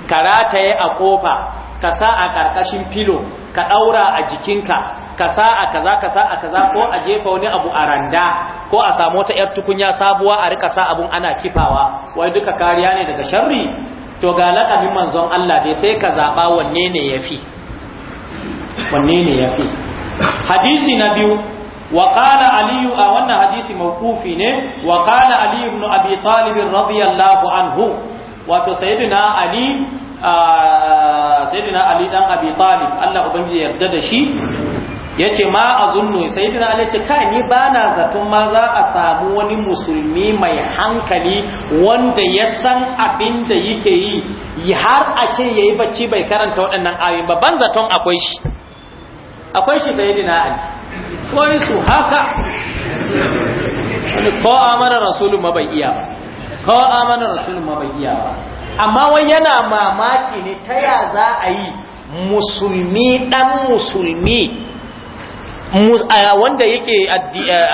ka rataye a ƙofa ka sa a ƙarƙashin filo ka ɗaura a jikinka ka sa a kaza ka sa a kaza ko a jefa wani abu a randa ko a samu wata yar tukunya sabuwa a rika sa abun ana kifawa wai duka kariya ne daga sharri to ga laɗabin manzon Allah dai sai ka zaba wanne ne yafi wanne ne yafi hadisi na biyu wa Aliyu a wannan hadisi mawqufi ne wa qala ali ibn abi anhu wato sayyidina ali dan abi talib Allah yarda da shi yace ma azunnu sayyidina ali yace kai ni bana zaton ma za a samu wani musulmi mai hankali wanda ya san abin da yake yi har a ce yayi bacci bai karanta waɗannan ayoyi ba ban zaton akwai shi akwai shi sayyidina ali wani su haka ko amana rasulun ma bai iya ko amana rasulun ma bai iya amma wani yana mamaki ne ta ya za a yi musulmi dan musulmi wanda yake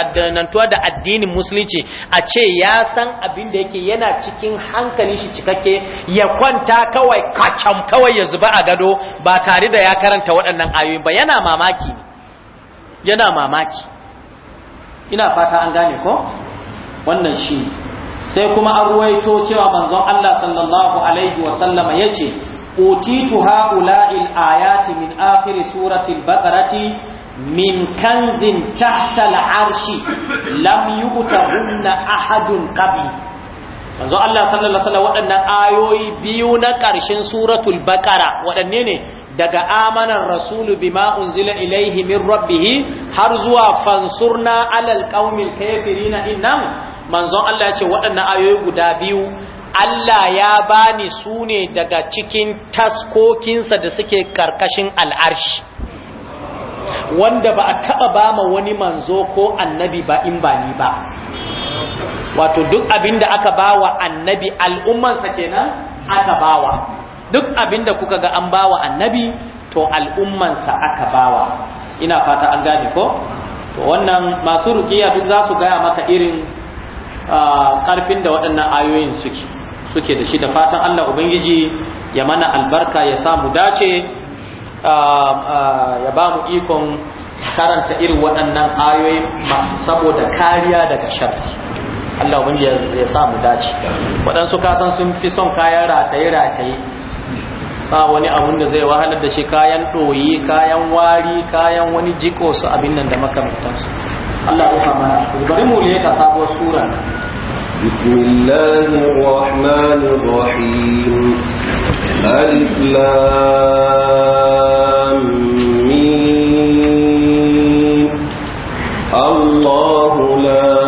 adanantuwa da addinin musulunci a ce ya san abin da yake yana cikin hankali shi cikakke ya kwanta kawai kacam kawai ya zuba a gado ba tare da ya karanta waɗannan ayoyin ba yana mamaki ne yana mamaki ina fata an gane ko wannan shi sai kuma an ruwaito cewa manzon Allah sallallahu alaihi wa sallama yace utitu haula'il ayati min akhir surati al-baqarati min kanzin tahta al-arshi lam yu'tahunna ahadun qabli manzo Allah sallallahu alaihi wasallam waɗannan ayoyi biyu na ƙarshen suratul baqara waɗanne ne daga amanar rasulu bima unzila ilaihi min rabbih har zuwa fansurna alal qaumil kafirin innan manzon Allah ya ce waɗannan ayoyi guda biyu Allah ya bani sune daga cikin taskokinsa da suke karkashin al'arshi wanda ba a taɓa ba ma wani manzo ko annabi ba in ba ni ba wato duk abin da aka bawa annabi al'ummansa kenan aka bawa duk abin da kuka ga an bawa annabi to al'ummansa aka bawa ina fata an gane ko to wannan masu rukiya duk za su gaya maka irin karfin da waɗannan ayoyin suke suke da shi da fatan Allah ubangiji ya mana albarka ya samu dace ya ba mu ikon karanta irin waɗannan ayoyi saboda kariya daga sharri Allah ubangi ya sa mu dace waɗansu kasan sun fi son kayan rataye rataye sa wani abun da zai wahalar da shi kayan ɗoyi kayan wari kayan wani jiko su abin nan da makamantansu Allah ya kama bari mu ne ka sabo sura Bismillahirrahmanirrahim Alif lam mim Allahu la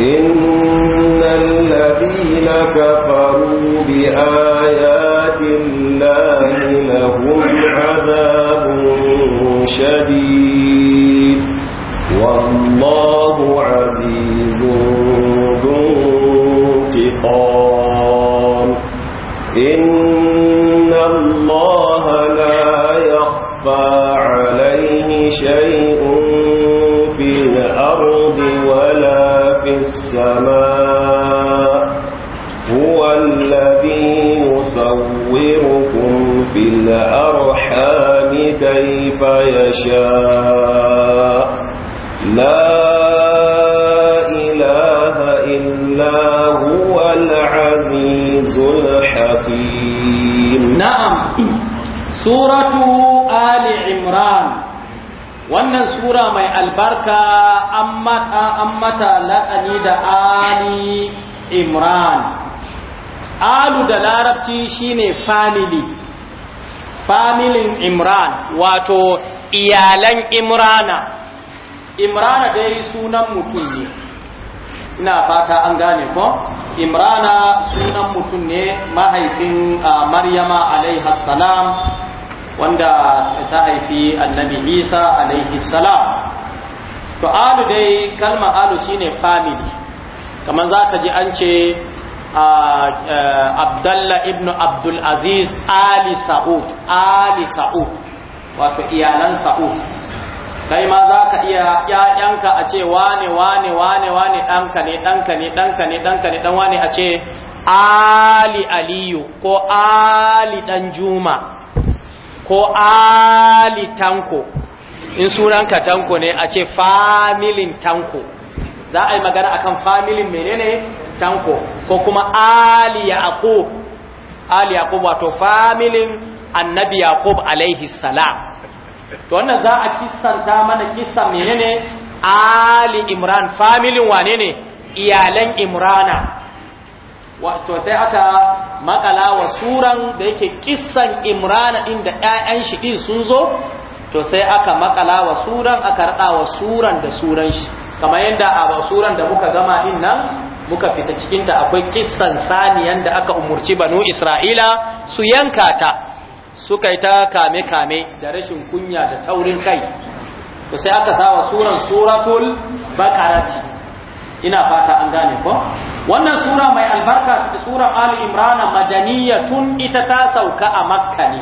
إن الذين كفروا بآيات الله لهم عذاب شديد والله عزيز ذو انتقام إن الله لا يخفى عليه شيء السماء هو الذي يصوركم في الأرحام كيف يشاء لا إله إلا هو العزيز الحكيم نعم سورة آل عمران wannan sura mai albarka an mata la'ani da ali imran alu da larabci shine family familin imran wato iyalan imrana imrana dai sunan mutum ne ina fata an gane ko imrana sunan mutum ne mahaifin ah, maryama alaihi salam wanda ta haifi annabi isa alaihi salam to alu dai kalma alu shine family kamar za ka ji an ce abdalla ibn abdul aziz ali sa'ud ali sa'ud wato iyalan sa'ud kai ma za ka iya ƴaƴanka a ce wane wane wane wane ɗanka ne ɗanka ne ɗanka ne ɗanka ne ɗan wane a ce ali aliyu ko ali ɗan juma ko ali tanko in sunanka tanko ne a ce familin tanko za a yi magana akan familin menene tanko ko kuma ali yaqub ali yaqub wato familin annabi yaqub alaihi salam to wannan za a kissanta mana kissa menene ali imran familin wane ne iyalan imrana to sai aka makala wa suran da yake kissan imrana din da ƴaƴan shi din sun zo to sai aka makala wa suran aka rada wa suran da suran shi kamar yadda a suran da muka gama din nan muka fita cikin ta akwai kissan saniyan da aka umurci banu isra'ila su yanka ta suka yi ta kame kame da rashin kunya da taurin kai to sai aka sawa suran suratul bakarati ina fata an gane ko wannan sura mai albarka sura ali imrana tun ita ta sauka a makka ne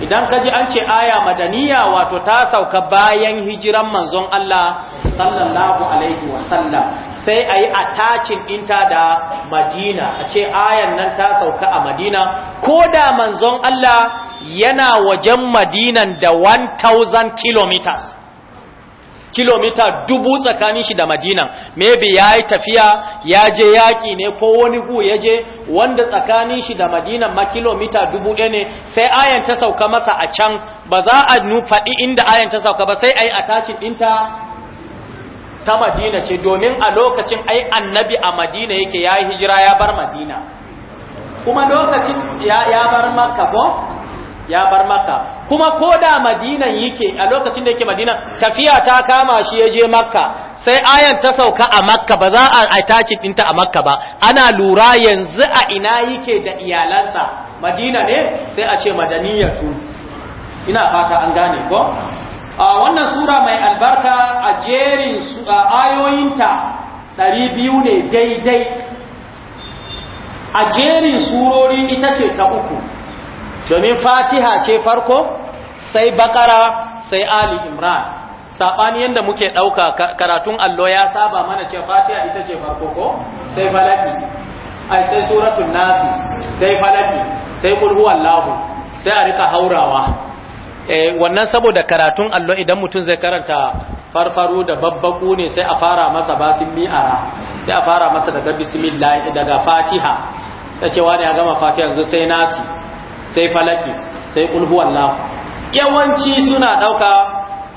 idan ka ji an ce aya madaniya wato ta sauka bayan hijiran manzon Allah sallallahu alaihi wa sallam, sai a yi inta ɗinta da madina a ce ayan nan ta sauka a madina ko da manzon Allah yana wajen madinan da 1000 kilometers kilomita dubu tsakanin shi da madina maybe ya yi tafiya ya je yaƙi ne ko wani gu ya je wanda tsakanin shi da madina ma kilomita dubu ɗaya ne sai ayan ta sauka masa a can ba za a faɗi inda ayan ta sauka ba sai a yi a tashin ɗinta ta madina ce domin a lokacin ai annabi a madina yake ya yi hijira ya bar madina kuma lokacin ya bar maka ko ya bar maka kuma ko da madinan yake a lokacin da yake madina tafiya ta kama shi ya je makka sai ayan ta sauka a makka ba za a aitaci ɗinta a makka ba ana lura yanzu a ina yake da iyalansa madina ne sai a ce madaniyatu ina fata an gane ko a wannan sura mai albarka a jerin ayoyinta 200 ne daidai a jerin surori ita ce ta uku domin fatiha ce farko sai bakara sai ali imran saɓani yadda muke ɗauka karatun allo ya saba mana ce fatiha ita ce farko ko sai falaki ai sai suratun nasi sai falaki sai kulhuwallahu sai a rika haurawa eh, wannan saboda karatun allo idan mutum zai karanta farfaru da babbaku ne sai a fara masa basin mi'ara sai a fara masa daga bismillah daga fatiha ta cewa ne ya gama fatiha yanzu sai nasi sai falaki sai kulhu yawanci suna ɗauka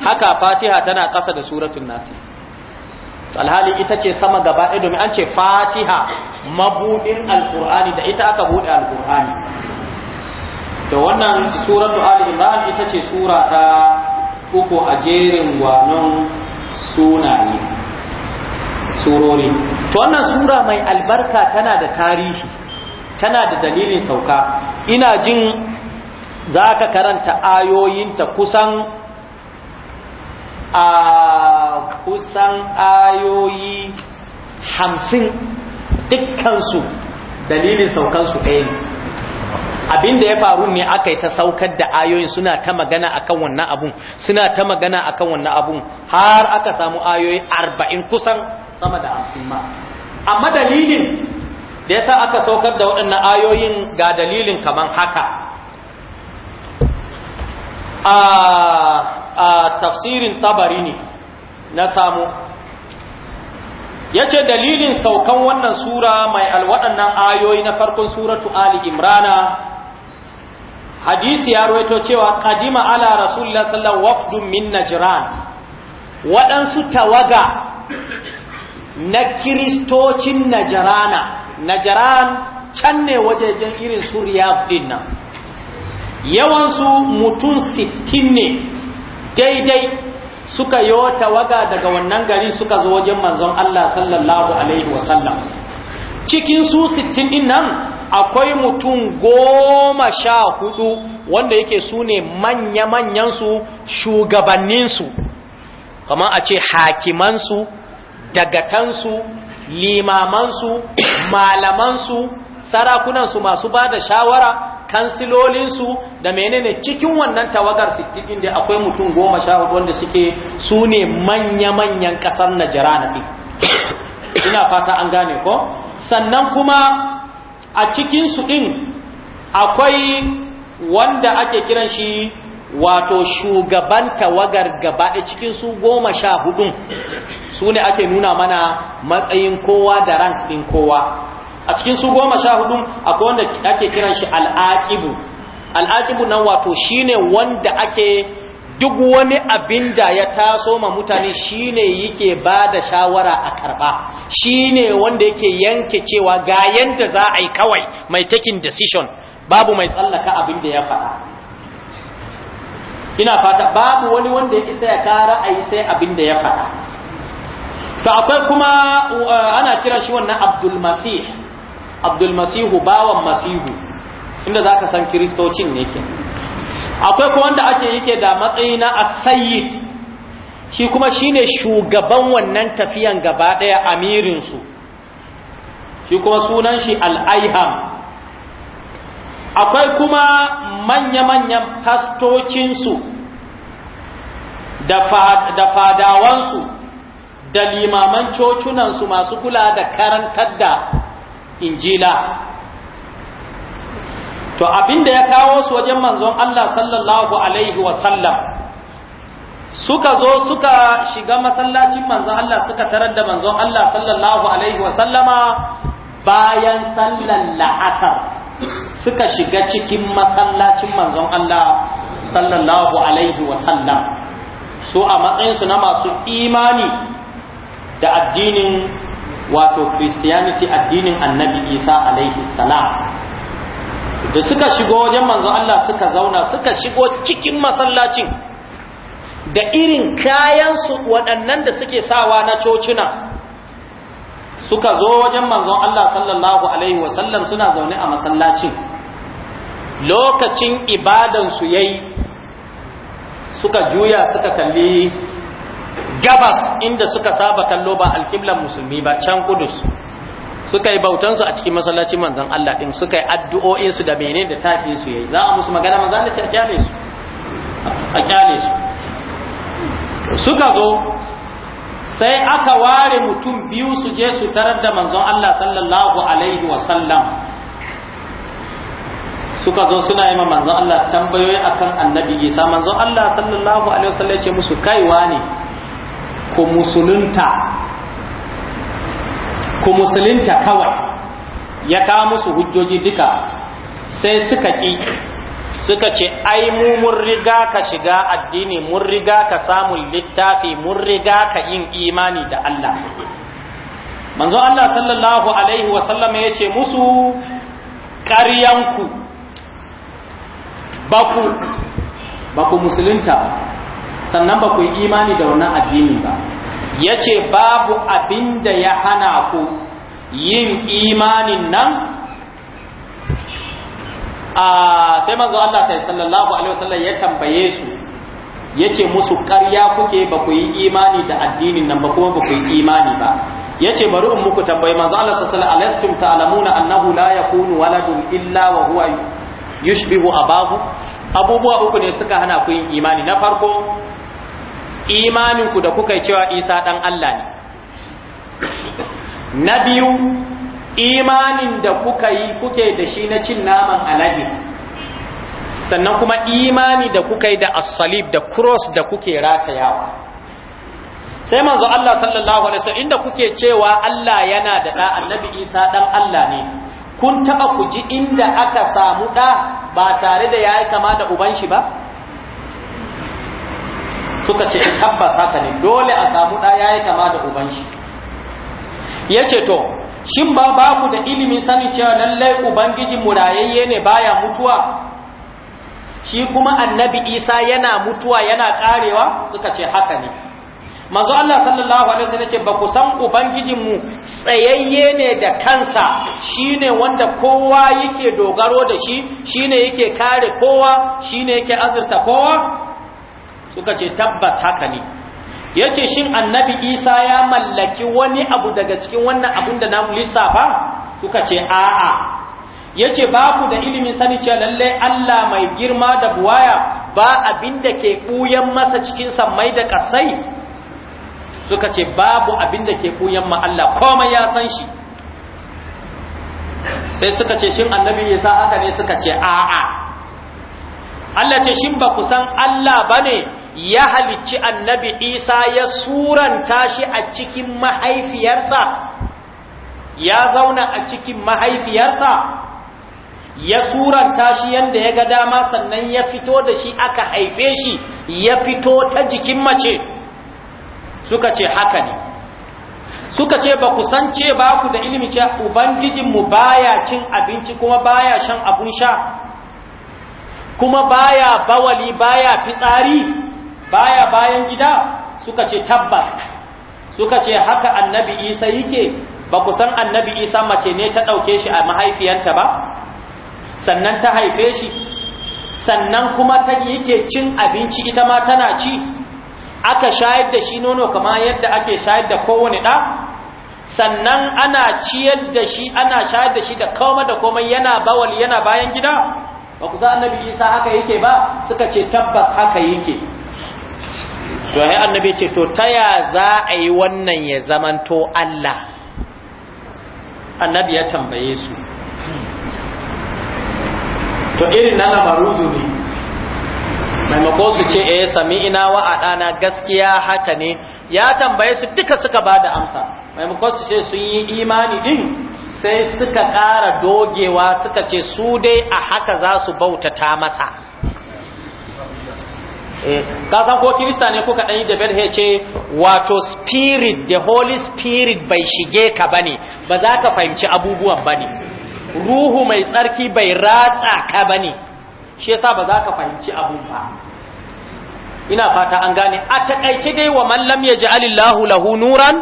haka fatiha tana ƙasa da suratun nasi alhali ita ce sama gaba ɗaya domin an ce fatiha mabuɗin Alƙur'ani, da ita aka buɗe Alƙur'ani. da wannan suratu ali imran ita ce sura ta uku a jerin gwanon sunaye surori to wannan sura mai albarka tana da tarihi tana da dalilin sauka ina jin za ka karanta ayoyinta kusan a kusan ayoyi hamsin dukkansu dalilin saukansu ɗaya ne abinda ya faru ne aka yi ta saukar da ayoyin suna ta magana akan wannan abun suna ta magana akan wannan abun har aka samu ayoyi arba'in kusan sama da hamsin ma amma dalilin da yasa aka saukar da waɗannan ayoyin ga dalilin kaman haka a a tafsirin tabari ne na samu yace dalilin saukan wannan sura mai alwaɗannan ayoyi na farkon suratu ali imrana hadisi ya ruwaito cewa kadima ala rasulullah sallallahu wafdun min najran waɗansu tawaga na kiristocin najrana najaran can ne wajejen irin su riyadh din nan yawansu mutum sittin ne daidai suka wata tawaga daga wannan gari suka zo wajen manzon Allah sallallahu alaihi wasallam cikin su 60 din nan akwai mutum goma sha hudu wanda yake su ne manya-manyansu shugabanninsu kamar a ce hakimansu dagatansu limamansu malamansu sarakunansu masu ba da shawara kansilolinsu da menene cikin wannan tawagar sittikin da akwai mutum goma sha hudu wanda suke su manya-manyan kasar najera na ɗi ina fata an gane ko sannan kuma a cikinsu din akwai wanda ake kiran shi wato shugaban tawagar gaba ɗaya cikin su goma sha hudun su ne ake nuna mana matsayin kowa da ran ɗin kowa a cikin su goma sha hudun akwai wanda ake kiran shi al'aƙibu al'aƙibu nan wato shi ne wanda ake duk wani abin da ya taso ma mutane shine yake ba da shawara a karɓa Shi ne wanda yake yanke cewa ga yanda za a yi kawai mai taking decision babu mai tsallaka abin da ya faɗa ina fata babu wani wanda ya isa ya kara a yi sai abin da ya faɗa to akwai kuma uh, ana kira shi wannan abdulmasih abdulmasihu bawan masihu inda za ka san kiristocin ne ke akwai kuma wanda ake yake da matsayi na asayid shi kuma shine shugaban wannan tafiyan gaba ɗaya amirinsu shi kuma sunan shi al'aiham akwai kuma manya-manyan fastocinsu da fadawansu da limaman cocunansu masu kula da karantar da injila to abinda ya kawo su wajen manzon Allah sallallahu alaihi wasallam suka zo suka shiga masallacin manzon Allah suka tarar da manzon Allah sallallahu alaihi wasallama bayan sallan la'asar suka shiga cikin masallacin manzon Allah sallallahu alaihi wa sallam su a matsayinsu na masu imani da addinin wato christianity addinin annabi isa alaihi salam da suka shigo wajen manzon Allah suka zauna suka shigo cikin masallacin da irin kayansu waɗannan da suke sawa na cocina suka zo wajen manzon Allah sallallahu alaihi wasallam suna zaune a masallacin lokacin ibadansu ya yi suka juya suka kalli gabas inda suka saba kallo ba alkiblan musulmi ba can kudus suka yi bautansu a cikin masallaci manzan Allah ɗin suka yi addu'o'insu da menene da tafi su yayi za a musu magana manzan Allah ce a kyale su a kyale su suka zo sai aka ware mutum biyu su je su tarar da manzon Allah sallallahu alaihi wasallam suka zo suna yi manzon Allah tambayoyi akan annabi Isa manzon Allah sallallahu alaihi wasallam ya ce musu kaiwa ne ku musulunta ku musulunta kawai ya kawo musu hujjoji duka sai suka ki suka ce ai mu mun riga ka shiga addini mun riga ka samun littafi mun riga ka yin imani da Allah manzo Allah sallallahu alaihi wasallam ya ce musu karyanku. Baku, ku musulunta sannan ba yi imani da wannan addini ba ya ce babu abinda da ya hana ku yin imanin nan a sai manzo Allah ta sallallahu alaihi wasallam ya tambaye su yace musu ƙarya kuke ba ku yi imani da addinin nan ba kuma ba ku yi imani ba yace bari in muku tambayi manzo Allah sallallahu alaihi wasallam alastum ta'lamuna annahu la yakunu waladun illa wa huwa yushbihu abahu abubuwa uku ne suka hana ku yin imani na farko imaninku da kuka cewa Isa dan Allah ne na biyu imanin da kuka yi kuke da shi na cin naman alaji sannan kuma imani da kuka yi da as-salib da cross da kuke ratayawa sai manzo Allah sallallahu alaihi wasallam inda kuke cewa Allah yana da da annabi Isa dan Allah ne kun taɓa ku ji inda aka samu ɗa ba tare da ya yi kama da uban shi ba suka ce in tabbas haka ne dole a samu ɗa ya yi kama da uban shi ya ce to shin ba ba ku da ilimin sani cewa lallai ubangijin murayayye ne baya mutuwa shi kuma annabi isa yana mutuwa yana ƙarewa suka ce haka ne manzo Allah sallallahu alaihi wasallam ce ba ku san ubangijin mu tsayayye ne da kansa shine wanda kowa yake dogaro da shi shine yake kare kowa shine yake azurta kowa suka ce tabbas haka ne yace shin annabi Isa ya mallaki wani abu daga cikin wannan abun da namu lissafa suka ce a'a yace ba ku da ilimin sani ce lalle Allah mai girma da buwaya ba abinda ke buyan masa cikin sammai da kasai suka ce babu abin da ke kuyan ma Allah komai ya san shi sai suka ce shin annabi ya sa haka ne suka ce a'a Allah ce shin ba ku san Allah bane ya halicci annabi Isa ya suranta shi a cikin mahaifiyarsa ya zauna a cikin mahaifiyarsa ya suranta shi yadda ya ga dama sannan ya fito da shi aka haife shi ya fito ta jikin mace suka ce haka ne suka ce ba ku san ce ba ku da ilimi ce ubangijinmu baya cin abinci kuma baya shan abun sha kuma baya bawali baya fitsari baya bayan gida suka ce tabbas suka ce haka annabi isa yake ba ku san annabi isa mace ne ta ɗauke shi a mahaifiyanta ba sannan ta haife shi sannan kuma ta yake cin abinci ita ma tana ci aka shayar da shi nono kama yadda ake shayar da kowane ɗa sannan ana ciyar da shi ana shayar da shi da koma da komai yana bawal yana bayan gida ba ku sa annabi isa haka yake ba suka ce tabbas haka yake to ai annabi ce to taya za a yi wannan ya zamanto Allah annabi ya tambaye su to irin ne maimako su ce eh sami'ina wa adana gaskiya haka ne ya tambaye su duka suka bada amsa maimako su ce sun yi imani din sai suka ƙara dogewa suka ce su dai a haka za su bautata masa eh, kasan ko kirista ne kuka ɗanyi da belhe ce wato spirit the holy spirit bai shige ka ba ne ba za ka fahimci abubuwan ba ne ruhu mai tsarki bai ratsa ka ba ne shi yasa ba za ka fahimci abun ba ina fata an gane a taƙaice dai wa mallam ya ji alillahu lahu nuran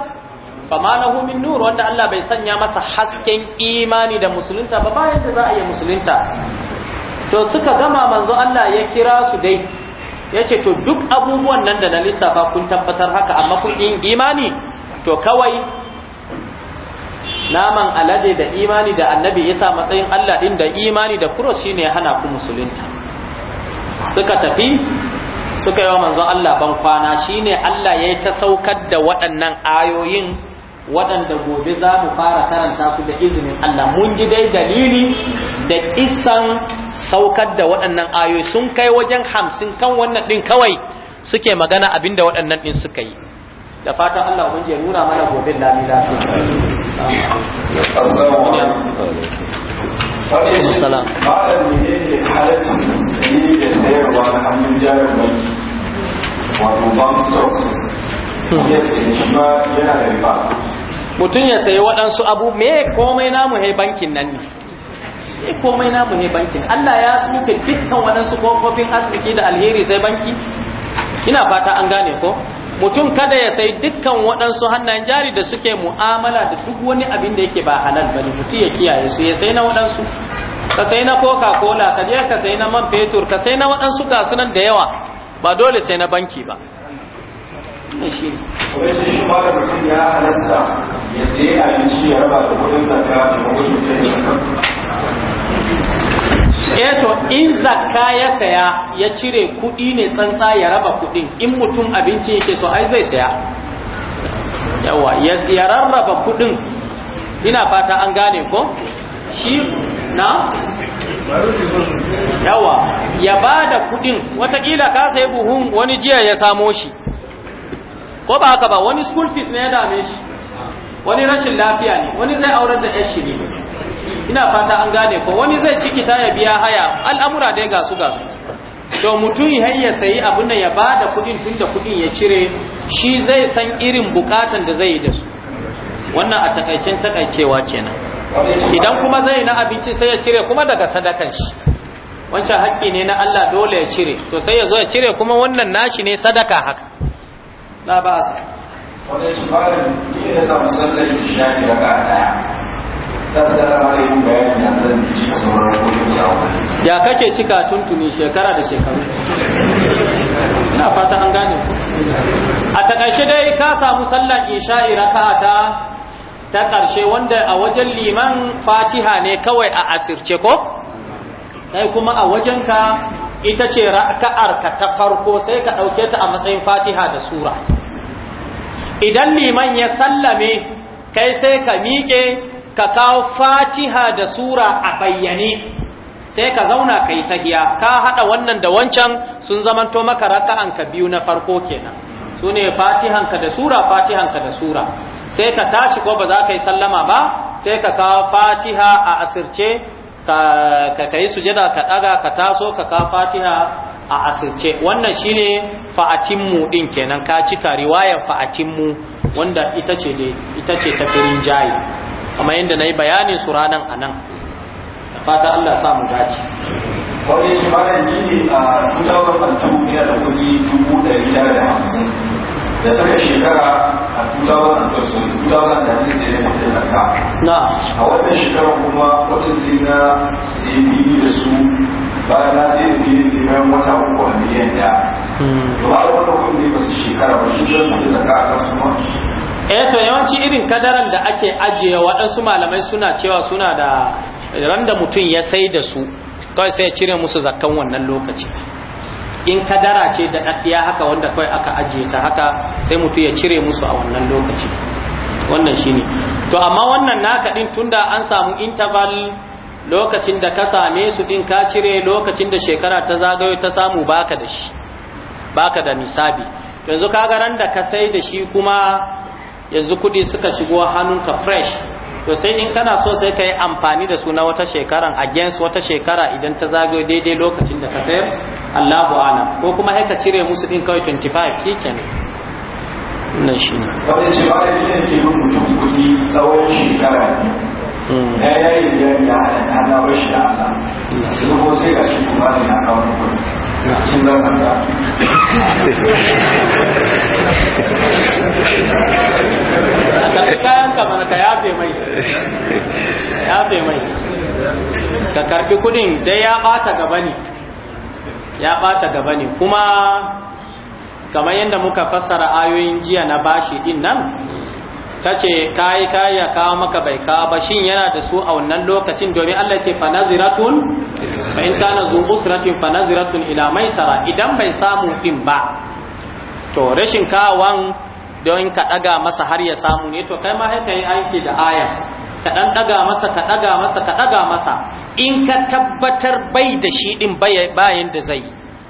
fama na humin wanda Allah bai sanya masa hasken imani da musulunta ba bayan da za a yi musulunta to suka gama manzo Allah ya kira su dai ya ce to duk abubuwan nan da na lissafa kun tabbatar haka amma kun yin imani to kawai naman alade da imani da annabi isa matsayin Allah din da imani da kuro shine ya hana ku musulunta suka tafi suka yi wa manzon Allah ban kwana shine Allah ya yi ta saukar da waɗannan ayoyin waɗanda gobe za mu fara karanta su da izinin Allah mun ji dai dalili da kisan saukar da waɗannan ayoyi sun kai wajen hamsin kan wannan ɗin kawai suke magana abinda waɗannan ɗin suka yi da fatan Allah ubangiji ya nuna mana gobe lami lafiya hmm. eh, Mutum ya sayi waɗansu abu Mai komai namu ya bankin nan ne. Me komai namu ya bankin. Allah ya suke dukkan waɗansu kofofin arziki da alheri sai banki? Ina fata an gane ko? mutum kada ya sai dukkan waɗansu hannayen jari da suke mu'amala da duk wani abin da yake ba halal bane mutum ya kiyaye su ya sai na waɗansu ka sai na coca cola ka je ka sai na man fetur ka sai na waɗansu nan da yawa ba dole sai na banki ba shi eto eh in zakka ya saya ya cire kuɗi ne tsantsa ya raba kuɗin in mutum abinci yake so ai zai saya yawa ya rarraba kuɗin ina fata an gane ko shi na yawa ya ba da kuɗin watakila ka sai buhun wani jiya ya samo shi ko ba haka ba wani school fees ne ya dame shi wani rashin lafiya ne wani zai aurar da yashi ne ina fata an gane ko wani zai ciki ta ya biya haya al'amura dai gasu gasu to mutum ya sayi abin nan ya bada kudin tunda kudin ya cire shi zai san irin bukatan da zai yi da su wannan a takaicen takaicewa kenan idan kuma zai na abinci sai ya cire kuma daga sadakan shi wancan haƙƙi ne na Allah dole ya cire to sai ya zo ya cire kuma wannan nashi ne sadaka haka na ba a sa Wannan shi ba da ya samu sallar shi ne daga ɗaya. ya kake cika tuntuni shekara da shekaru na fata an gane a takaice dai ka samu sallan isha'i raka'ata ta ƙarshe wanda a wajen liman fatiha ne kawai a asirce ko Sai kuma a wajen ka ita ce raka'arka ta farko sai ka ɗauke ta a matsayin fatiha da sura idan liman ya sallame kai sai ka miƙe ka kawo fatiha da sura a bayyane sai ka zauna ka yi tahiya ka haɗa wannan da wancan sun zamanto maka ka biyu na farko kenan su ne fatihanka da sura fatihanka da sura sai ka tashi ko ba za ka yi sallama ba sai ka kawo fatiha a asirce ka yi sujada ka ɗaga ka taso ka kawo fatiha a asirce wannan shine fa'atinmu ɗin kenan ka cika riwayar fa'atinmu wanda ita ce ta firin jayi kamar yadda na yi bayanin su ranar a nan da fata Allah samu dace wani shi ba ni ne a 2002 yana da kudi 1950 da saka shekara a 2002 sai da mutum zaka na a wannan shekara kuma zina sai na da su bayan na sai da filin bayan wata uku a miliyan ɗaya hmm. to ba a wata kuɗi ba su shekara ba shi don kuɗi zaka a kan kuma eh to yawanci irin kadaran da ake ajiye waɗansu malamai suna cewa suna da ran da mutum ya sai da su kawai sai ya cire musu zakan wannan lokaci in kadara ce da ɗaɗɗiya haka wanda kawai aka ajiye ta haka sai mutum ya cire musu a wannan lokaci wannan shine to amma wannan naka ɗin tunda an samu interval lokacin da ka same su din ka cire lokacin da shekara ta zagayo ta samu baka da shi baka da nisabi yanzu ka garan da ka sai da shi kuma yanzu kudi suka shigo hannunka fresh to sai in kana so sai ka yi amfani da su na wata shekaran against wata shekara idan ta zagayo daidai lokacin da ka sayar Allahu ana ko kuma sai cire musu din kawai 25 shikenan wannan shi ne. Wata ce ba da ke mutum kuɗi tsawon shekara ya yi yayi jami'a a nan ba shi da Allah sai ko sai ga shi kuma da ya kawo kuɗi cin zarkan sa kayan ka mana ka yafe mai yafe mai ka karbi kudin dai ya bata gaba ne ya bata gaba ne kuma kamar yadda muka fassara ayoyin jiya na bashi din nan Yace kai kai ya kawo maka bai kawo ba shin yana da su a wannan lokacin domin Allah ce fanaziratun naziratun fa in kana zu usratin fa ila maisara idan bai samu fim ba to rashin kawan don ka daga masa har ya samu ne to kai ma haka yi aiki da aya ka dan daga masa ka daga masa ka daga masa in ka tabbatar bai da shi din bayan da zai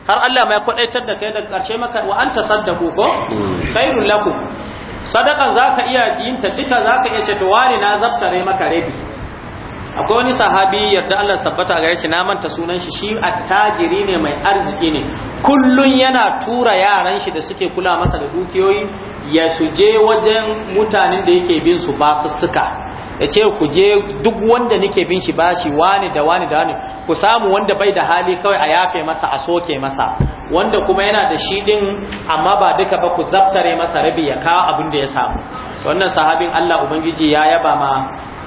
har Allah mai kwadaitar da kai daga karshe maka wa anta saddaku ko hmm. khairul lakum za zaka iya jinta duka zaka iya ce to na zaftare maka rabi akwai wani sahabi yarda Allah tabbata ga yace na manta sunan shi shi attajiri ne mai arziki ne kullun yana tura yaran shi da suke kula masa da dukiyoyi ya suje wajen mutanen da yake bin su basussuka ya ce ku je duk wanda nake bin shi bashi wani da wani da wani ku samu wanda bai da hali kawai a yafe masa a soke masa wanda kuma yana da shi din amma ba duka ba ku zaftare masa rabi ya kawo abin da ya samu wannan sahabin Allah ubangiji ya yaba ma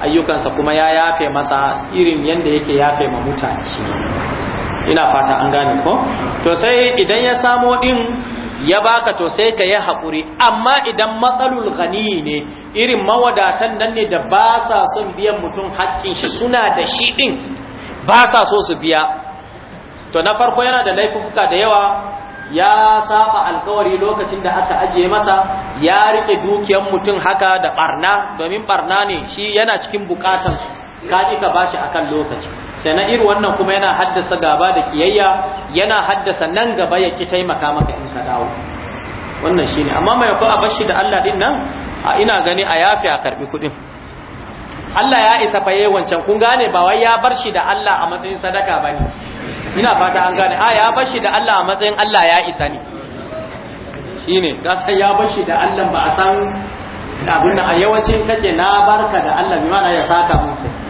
ayyukansa kuma ya yafe masa irin yanda yake yafe ma mutane shi ina fata an gane ko to sai idan ya samo din ya baka to sai ka yi haƙuri amma idan matsalul gani ne irin mawadatan nan ne da ba sa son biyan mutum haƙƙin shi suna da shi ɗin ba sa so su biya to na farko yana da laifuka da yawa ya saba alkawari lokacin da aka ajiye masa ya rike dukiyan mutum haka da barna domin barna ne shi yana cikin bukatansu ka ka bashi akan lokaci na iri wannan kuma yana haddasa gaba da kiyayya yana haddasa nan gaba ya ki taimaka maka in ka dawo wannan shine amma mai ko a bashi da Allah din nan a ina gani a yafi a karbi kudin Allah ya isa fa wancan kun gane ba wai ya bar shi da Allah a matsayin sadaka bane ina fata an gane a ya bar shi da Allah a matsayin Allah ya isa ne shine ka san ya bar shi da Allah ba a san abin da a yawancin kake na barka da Allah bi mana ya saka mutum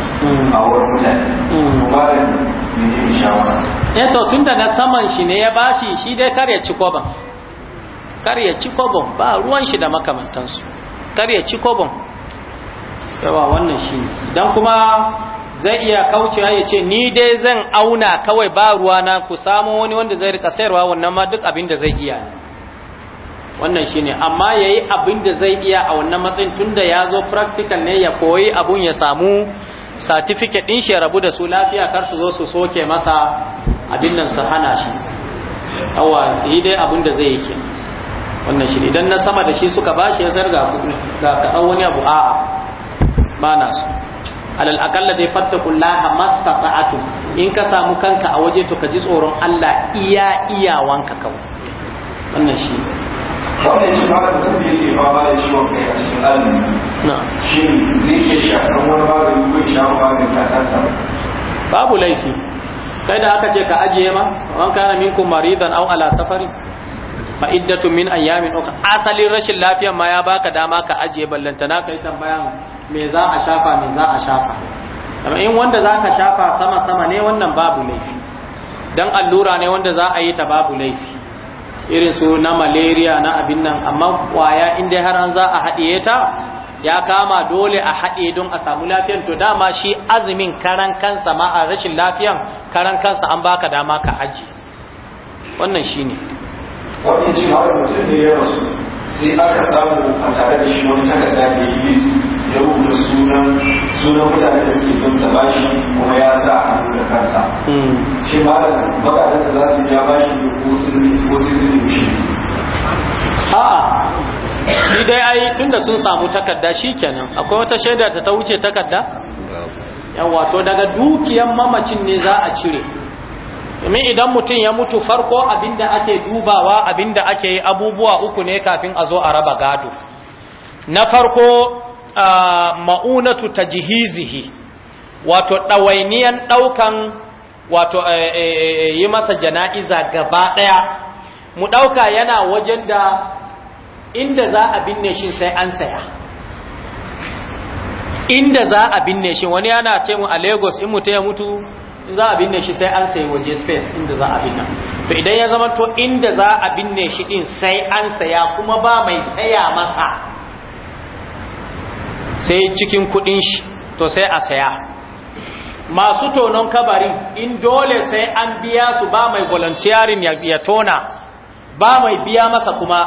a wurin mutane hmm. kuma da ne shawara eh to tun da na saman shi ne ya bashi shi dai kar ya ci kobon kar ya ci kobon ba ruwan shi da makamantansu kar ya ci koban yawa wannan shi ne idan kuma zai iya kaucewa ya ce ni dai zan auna kawai ba ruwa na ku samu wani wanda zai rika sayarwa wannan ma duk abin da zai iya wannan shi ne amma ya yi abin da zai iya a wannan matsayin tunda ya zo practical ne ya koyi abun ya samu certificate din shi rabu da su lafiya kar su zo su soke masa abin nan su hana shi yawa yi dai abin da zai yi ke wannan shi idan na sama da shi suka ba shi ya zarga ga kaɗan wani abu a'a ba na su alal akalla dai fattakullaha mastata'atu in ka samu kanka a waje to ka ji tsoron Allah iya iyawanka kawai wannan shi kawai ya ba da mutum da ba ba da ciwon kai a cikin azumi shi zai iya kan wani magani ko ya shafa maganin ta kansa babu laifi kai da aka ce ka ajiye ma wan kana minkum maridan aw ala safari fa iddatu min ayamin ukhra asalin rashin lafiyan ma ya baka dama ka ajiye ballantana kai tambaya me za a shafa me za a shafa amma in wanda za ka shafa sama sama ne wannan babu laifi dan allura ne wanda za a yi ta babu laifi irin su na malaria na abin nan amma kwaya inda har an za a haɗiye ta ya kama dole a haɗe don a samu lafiyan to dama shi azumin karan kansa ma a rashin lafiyan karan kansa an baka dama ka aji wannan shi ne wani cewa haɗin mutum ne ya rasu sai aka samu a tare da shi wani takarda da yi ya rubuta sunan sunan mutanen da suke bin bashi kuma ya sa hannu da kansa hmm. shi da bakatansa za su ya bashi ne ko sun zai sun a'a ni dai ai tunda sun samu takarda shikenan akwai wata shaida ta ta wuce takarda Yan wato, daga dukiyan mamacin ne za a cire domin idan mutum ya mutu farko abinda ake dubawa abinda ake yi abubuwa uku ne kafin a zo a raba gado na farko ma'unatu tajhizihi wato ɗawainiyan ɗaukan wato eh, eh, eh, yi masa jana'iza gaba ɗaya mu ɗauka yana wajen da inda za a binne shi sai an saya inda za a binne shi wani yana ce mu a lagos in mutu ya mutu za a binne shi sai an sayi waje space inda za a binne to idan ya zama to inda za a binne shi din sai an saya kuma ba mai saya masa sai cikin kudin shi to sai a saya masu tonon kabarin in dole sai an biya su ba mai volunteering ya tona ba mai biya masa kuma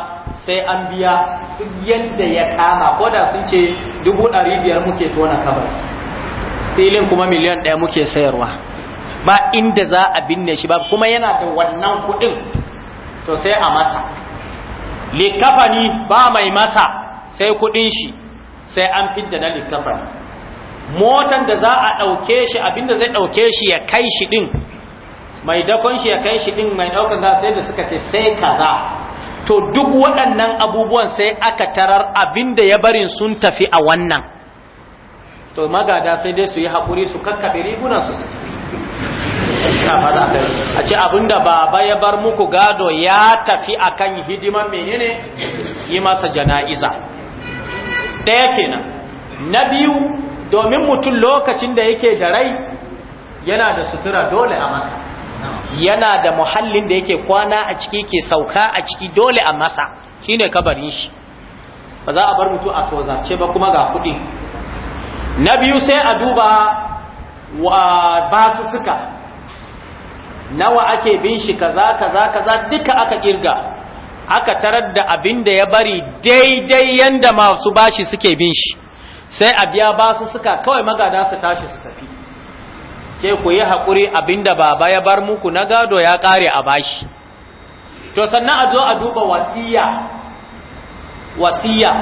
sai an biya duk yadda ya kama ko da sun ce dubu ɗari biyar muke tona kabarin filin kuma miliyan daya muke sayarwa ba inda za a binne shi ba kuma yana da wannan kuɗin to sai a masa likafani ba mai masa sai kuɗin shi sai an fidda na littafan motan da za a ɗauke shi abinda zai ɗauke shi ya kai shi ɗin mai dakon shi ya kai shi ɗin mai ɗaukar za sai da suka ce sai kaza to duk waɗannan abubuwan sai aka tarar abinda ya barin sun tafi a wannan to magada sai dai su yi haƙuri su kakkaɓe rigunan su su a ce abinda baba ya bar muku gado ya tafi akan hidiman menene yi masa jana'iza ɗaya kenan na biyu domin mutum lokacin da yake da rai yana da sutura dole a masa yana da muhallin da yake kwana a ciki ke sauka a ciki dole a masa shine kabarin shi ba za a bar mutu a tozarce ba kuma ga kuɗi na biyu sai a duba wa su suka nawa ake bin shi kaza kaza kaza duka aka kirga aka tarar da abin da ya bari daidai yanda masu bashi suke bin shi sai a biya basu suka kawai magada su tashi su tafi ke ku yi haƙuri abin da baba ya bar muku na gado ya ƙare a bashi to sannan a zo a duba wasiya wasiya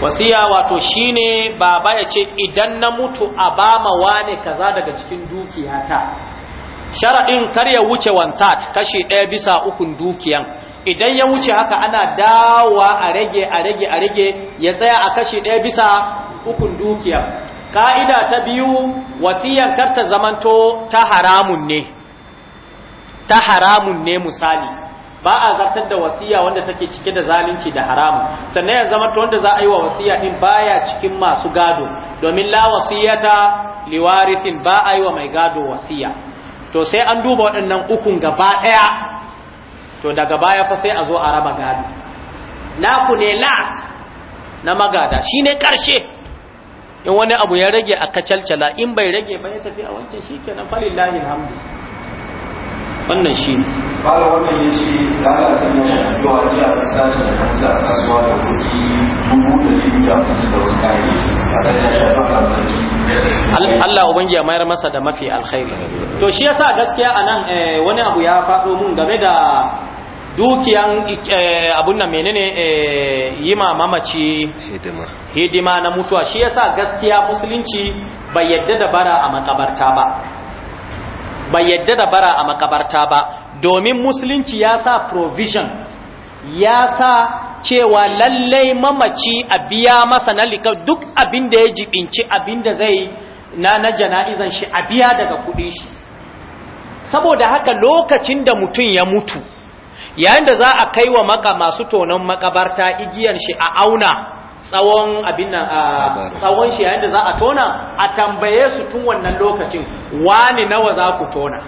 wasiya wato shine baba ya ce idan na mutu a ba ma wane kaza daga cikin dukiyata sharaɗin kar ya wuce wantat kashi ɗaya bisa ukun dukiyan idan ya wuce haka ana dawa a rage a rage a rage ya tsaya a kashi ɗaya bisa ukun dukiyan ka'ida ta biyu wasiyan karta ta zamanto ta haramun ne ta haramun ne misali ba a zartar da wasiya wanda take cike da zalunci da haramu sannan ya zamanto wanda za a yi wa wasiya din baya cikin masu gado domin la wasiyata liwarithin ba a yi wa mai gado wasiya to sai an duba waɗannan ukun gaba ɗaya to daga baya fa sai a zo a raba gado naku ne las na magada shi ne ƙarshe in wani abu ya rage a kacalcala in bai rage ba ya tafi a wancan shi ke nan falin lahin hamdu wannan shi ne fara wannan yin shi da sun sanya shi addu'a ji a sashi da kansa a kasuwa da kuɗi dubu da biyu da hamsin da wasu kayayyaki a sanya shi addu'a a sarki Allah ubangiya mayar masa da mafi alkhairi to shi yasa gaskiya anan eh, wani abu ya faɗo mun game da dukiyan eh, abun nan menene eh, yi ma mamaci hidima na mutuwa shi yasa gaskiya musulunci bai yadda da bara a makabarta ba bai yadda da bara a makabarta ba domin musulunci ya sa provision ya sa cewa lallai mamaci a biya masa na likar duk abin da ya jibinci abin da zai na na jana'izan shi a biya daga kudin shi saboda haka lokacin da mutum ya mutu yayin da za a kai wa maka masu tonon makabarta igiyar shi a auna tsawon abin nan tsawon shi yayin da za a tona a tambaye su tun wannan lokacin wani nawa za ku tona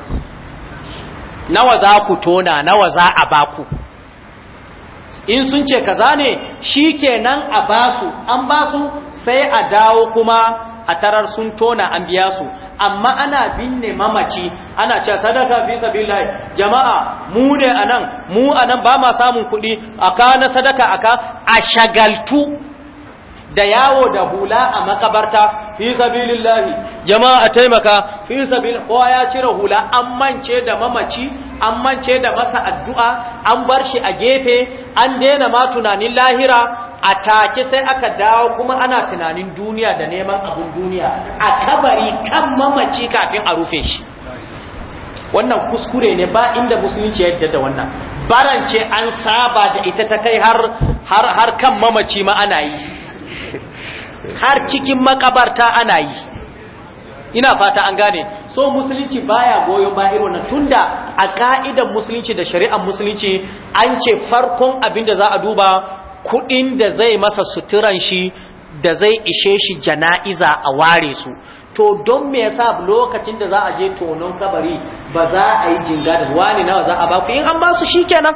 nawa za ku tona nawa za a baku in sun ce kaza ne shikenan a basu an basu sai a dawo kuma a tarar sun tona an biya su amma ana binne mamaci ana ce sadaka fi sabilillah jama'a mu ne anan mu anan ba ma samun kuɗi aka na sadaka aka a shagaltu da yawo da hula a makabarta fi sabilillahi jama'a taimaka fi sabil kowa ya cire hula an mance da mamaci an mance da masa addu'a an bar shi a gefe an daina ma tunanin lahira a take sai aka dawo kuma ana tunanin duniya da neman abun duniya a kabari kan mamaci kafin a rufe shi wannan kuskure ne ba inda musulunci ya yadda da wannan barance an saba da ita ta kai har har kan mamaci ma ana yi har cikin makabarta ana yi ina fata an gane so musulunci baya goyon ba irin na tunda a ka'idar musulunci da shari'ar musulunci an ce farkon abin da za a duba kudin da zai masa suturan shi da zai ishe shi jana'iza a ware su to don me yasa lokacin da za a je tonon kabari ba za a yi jinga da wani nawa za a ba ku in an ba su shikenan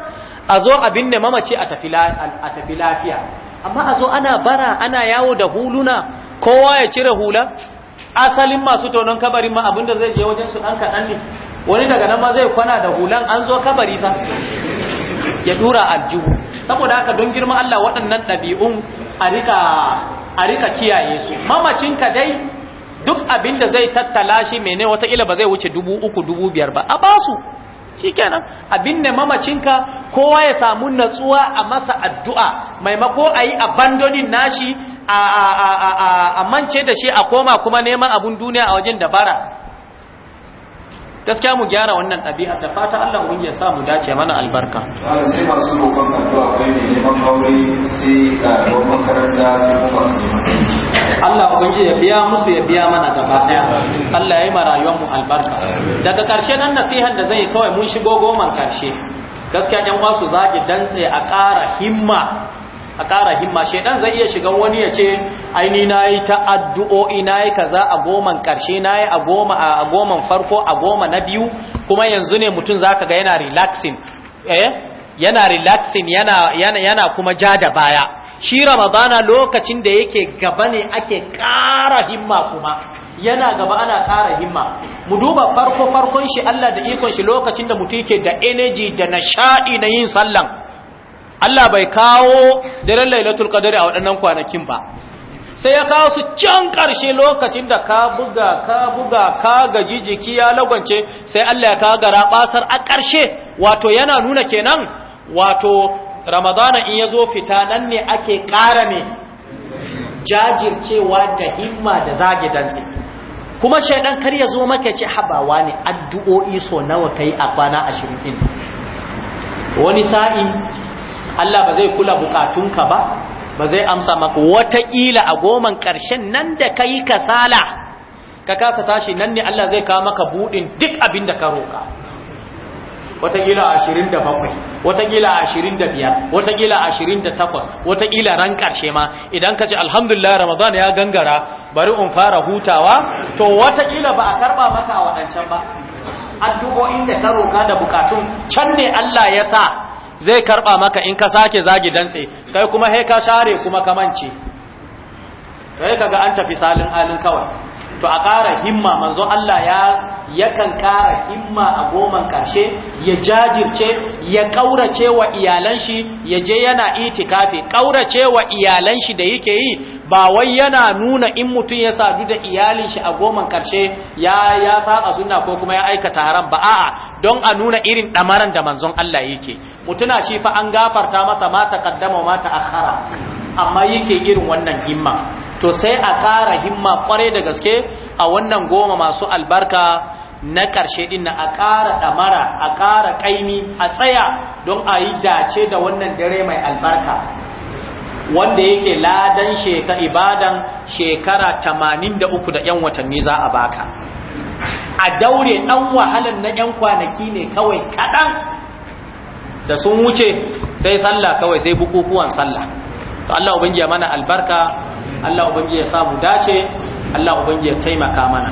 a zo abin ne mamaci a tafi lafiya amma a zo ana bara ana yawo da huluna kowa ya cire hula asalin masu tonon kabarin ma abinda zai je wajen su ɗan kaɗan ne wani daga nan ma zai kwana da hulan an zo kabari fa ya dura aljihu saboda haka don girma Allah waɗannan ɗabi'un a rika a rika kiyaye su Mamacin ka dai duk abinda zai tattala shi mene wataƙila ba zai wuce dubu uku dubu biyar ba a basu shikenan binne mamacinka kowa ya samu natsuwa a masa addu'a maimako ayi abandonin nashi a a a a mance da shi a koma kuma neman abun duniya a wajen dabara gaskiya mu gyara wannan ɗabi'ar da fata Allah mun ya sa mu dace mana albarka sai masu addu'a kai ne neman aure sai Allah ubangiji ya biya musu ya biya mana gaba daya Allah ya yi ma rayuwarmu mu albarka daga karshe nan nasihan da zai kawai mun shigo goman karshe gaskiya yan wasu zagi dantse a ƙara himma a ƙara himma shedan zai iya shiga wani ya ce aini na yi ta addu'o'i na yi kaza a goman ƙarshe na yi a goma a goman farko a goma na biyu kuma yanzu ne mutum zaka ga yana relaxing eh yana relaxing yana, yana kuma ja da baya shi ramadana lokacin da yake gaba ne ake ƙara himma kuma yana gaba ana ƙara himma mu duba farko farkon shi Allah da ikon shi lokacin da mutum yake da energy da nashadi na yin sallan Allah bai kawo daren lailatul qadari a waɗannan kwanakin ba sai ya kawo su can ƙarshe lokacin da ka buga ka buga ka gaji jiki ya lagwance sai Allah ya kawo gara basar a ƙarshe wato yana nuna kenan wato ramadana in ya zo fita nan ne ake ƙara ne jajircewa da himma da zage dantse kuma shaidan kar ya zo maka ce habawa ne addu'o'i so nawa kai a kwana ashirin wani sa'i Allah ba zai kula bukatunka ba ba zai amsa maka wataƙila a goman ƙarshen nan da ka yi kasala ka kasa tashi nan ne Allah zai kawo maka buɗin duk abin da ka roka. watakila ashirin da bakwai watakila ashirin da biyar watakila ashirin da takwas watakila ran karshe ma idan ka ce alhamdulillah ramadan ya gangara bari in fara hutawa to watakila ba a karba maka a waɗancan ba addu'o'in inda ta roka da bukatun can ne Allah ya sa zai karɓa maka in ka sake zagi dantse kai kuma he ka share kuma ka mance kai kaga an tafi salin halin kawai to a ƙara himma manzo Allah ya yakan ƙara himma a goman ƙarshe ya jajirce ya ƙaurace wa iyalan shi ya je yana itikafi ƙaurace wa iyalan shi da yake yi ba wai yana nuna in mutum ya sadu da iyalin shi a goman ƙarshe ya ya saba sunna ko kuma ya aikata haram ba a'a don a nuna irin damaran da manzon Allah yake mutuna shi fa an gafarta masa ma taqaddama ma akhara amma yake irin wannan himma to sai a ƙara himma kwarai da gaske a wannan goma masu albarka na ƙarshe ɗin a ƙara ɗamara a ƙara ƙaimi a tsaya don a yi dace da wannan dare mai albarka wanda yake ladan sheka ibadan shekara tamanin da 'yan watanni za a baka a daure ɗan wahalar na 'yan kwanaki ne kawai kaɗan da sun wuce sai sallah kawai sai bukukuwan sallah to Allah ubangiya mana albarka Allah ubangiji ya samu dace Allah ubangiji ya taimaka mana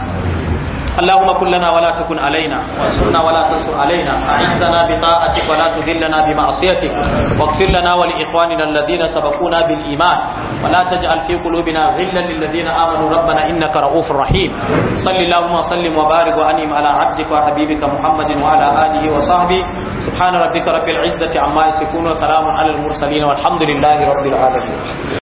اللهم كن لنا ولا تكن علينا وانصرنا ولا تنصر علينا اعزنا بطاعتك ولا تذلنا بمعصيتك واغفر لنا ولاخواننا الذين سبقونا بالايمان ولا تجعل في قلوبنا غلا للذين امنوا ربنا انك رؤوف رحيم صل اللهم وسلم وبارك وانعم على عبدك وحبيبك محمد وعلى اله وصحبه سبحان ربك رب العزه عما يصفون وسلام على المرسلين والحمد لله رب العالمين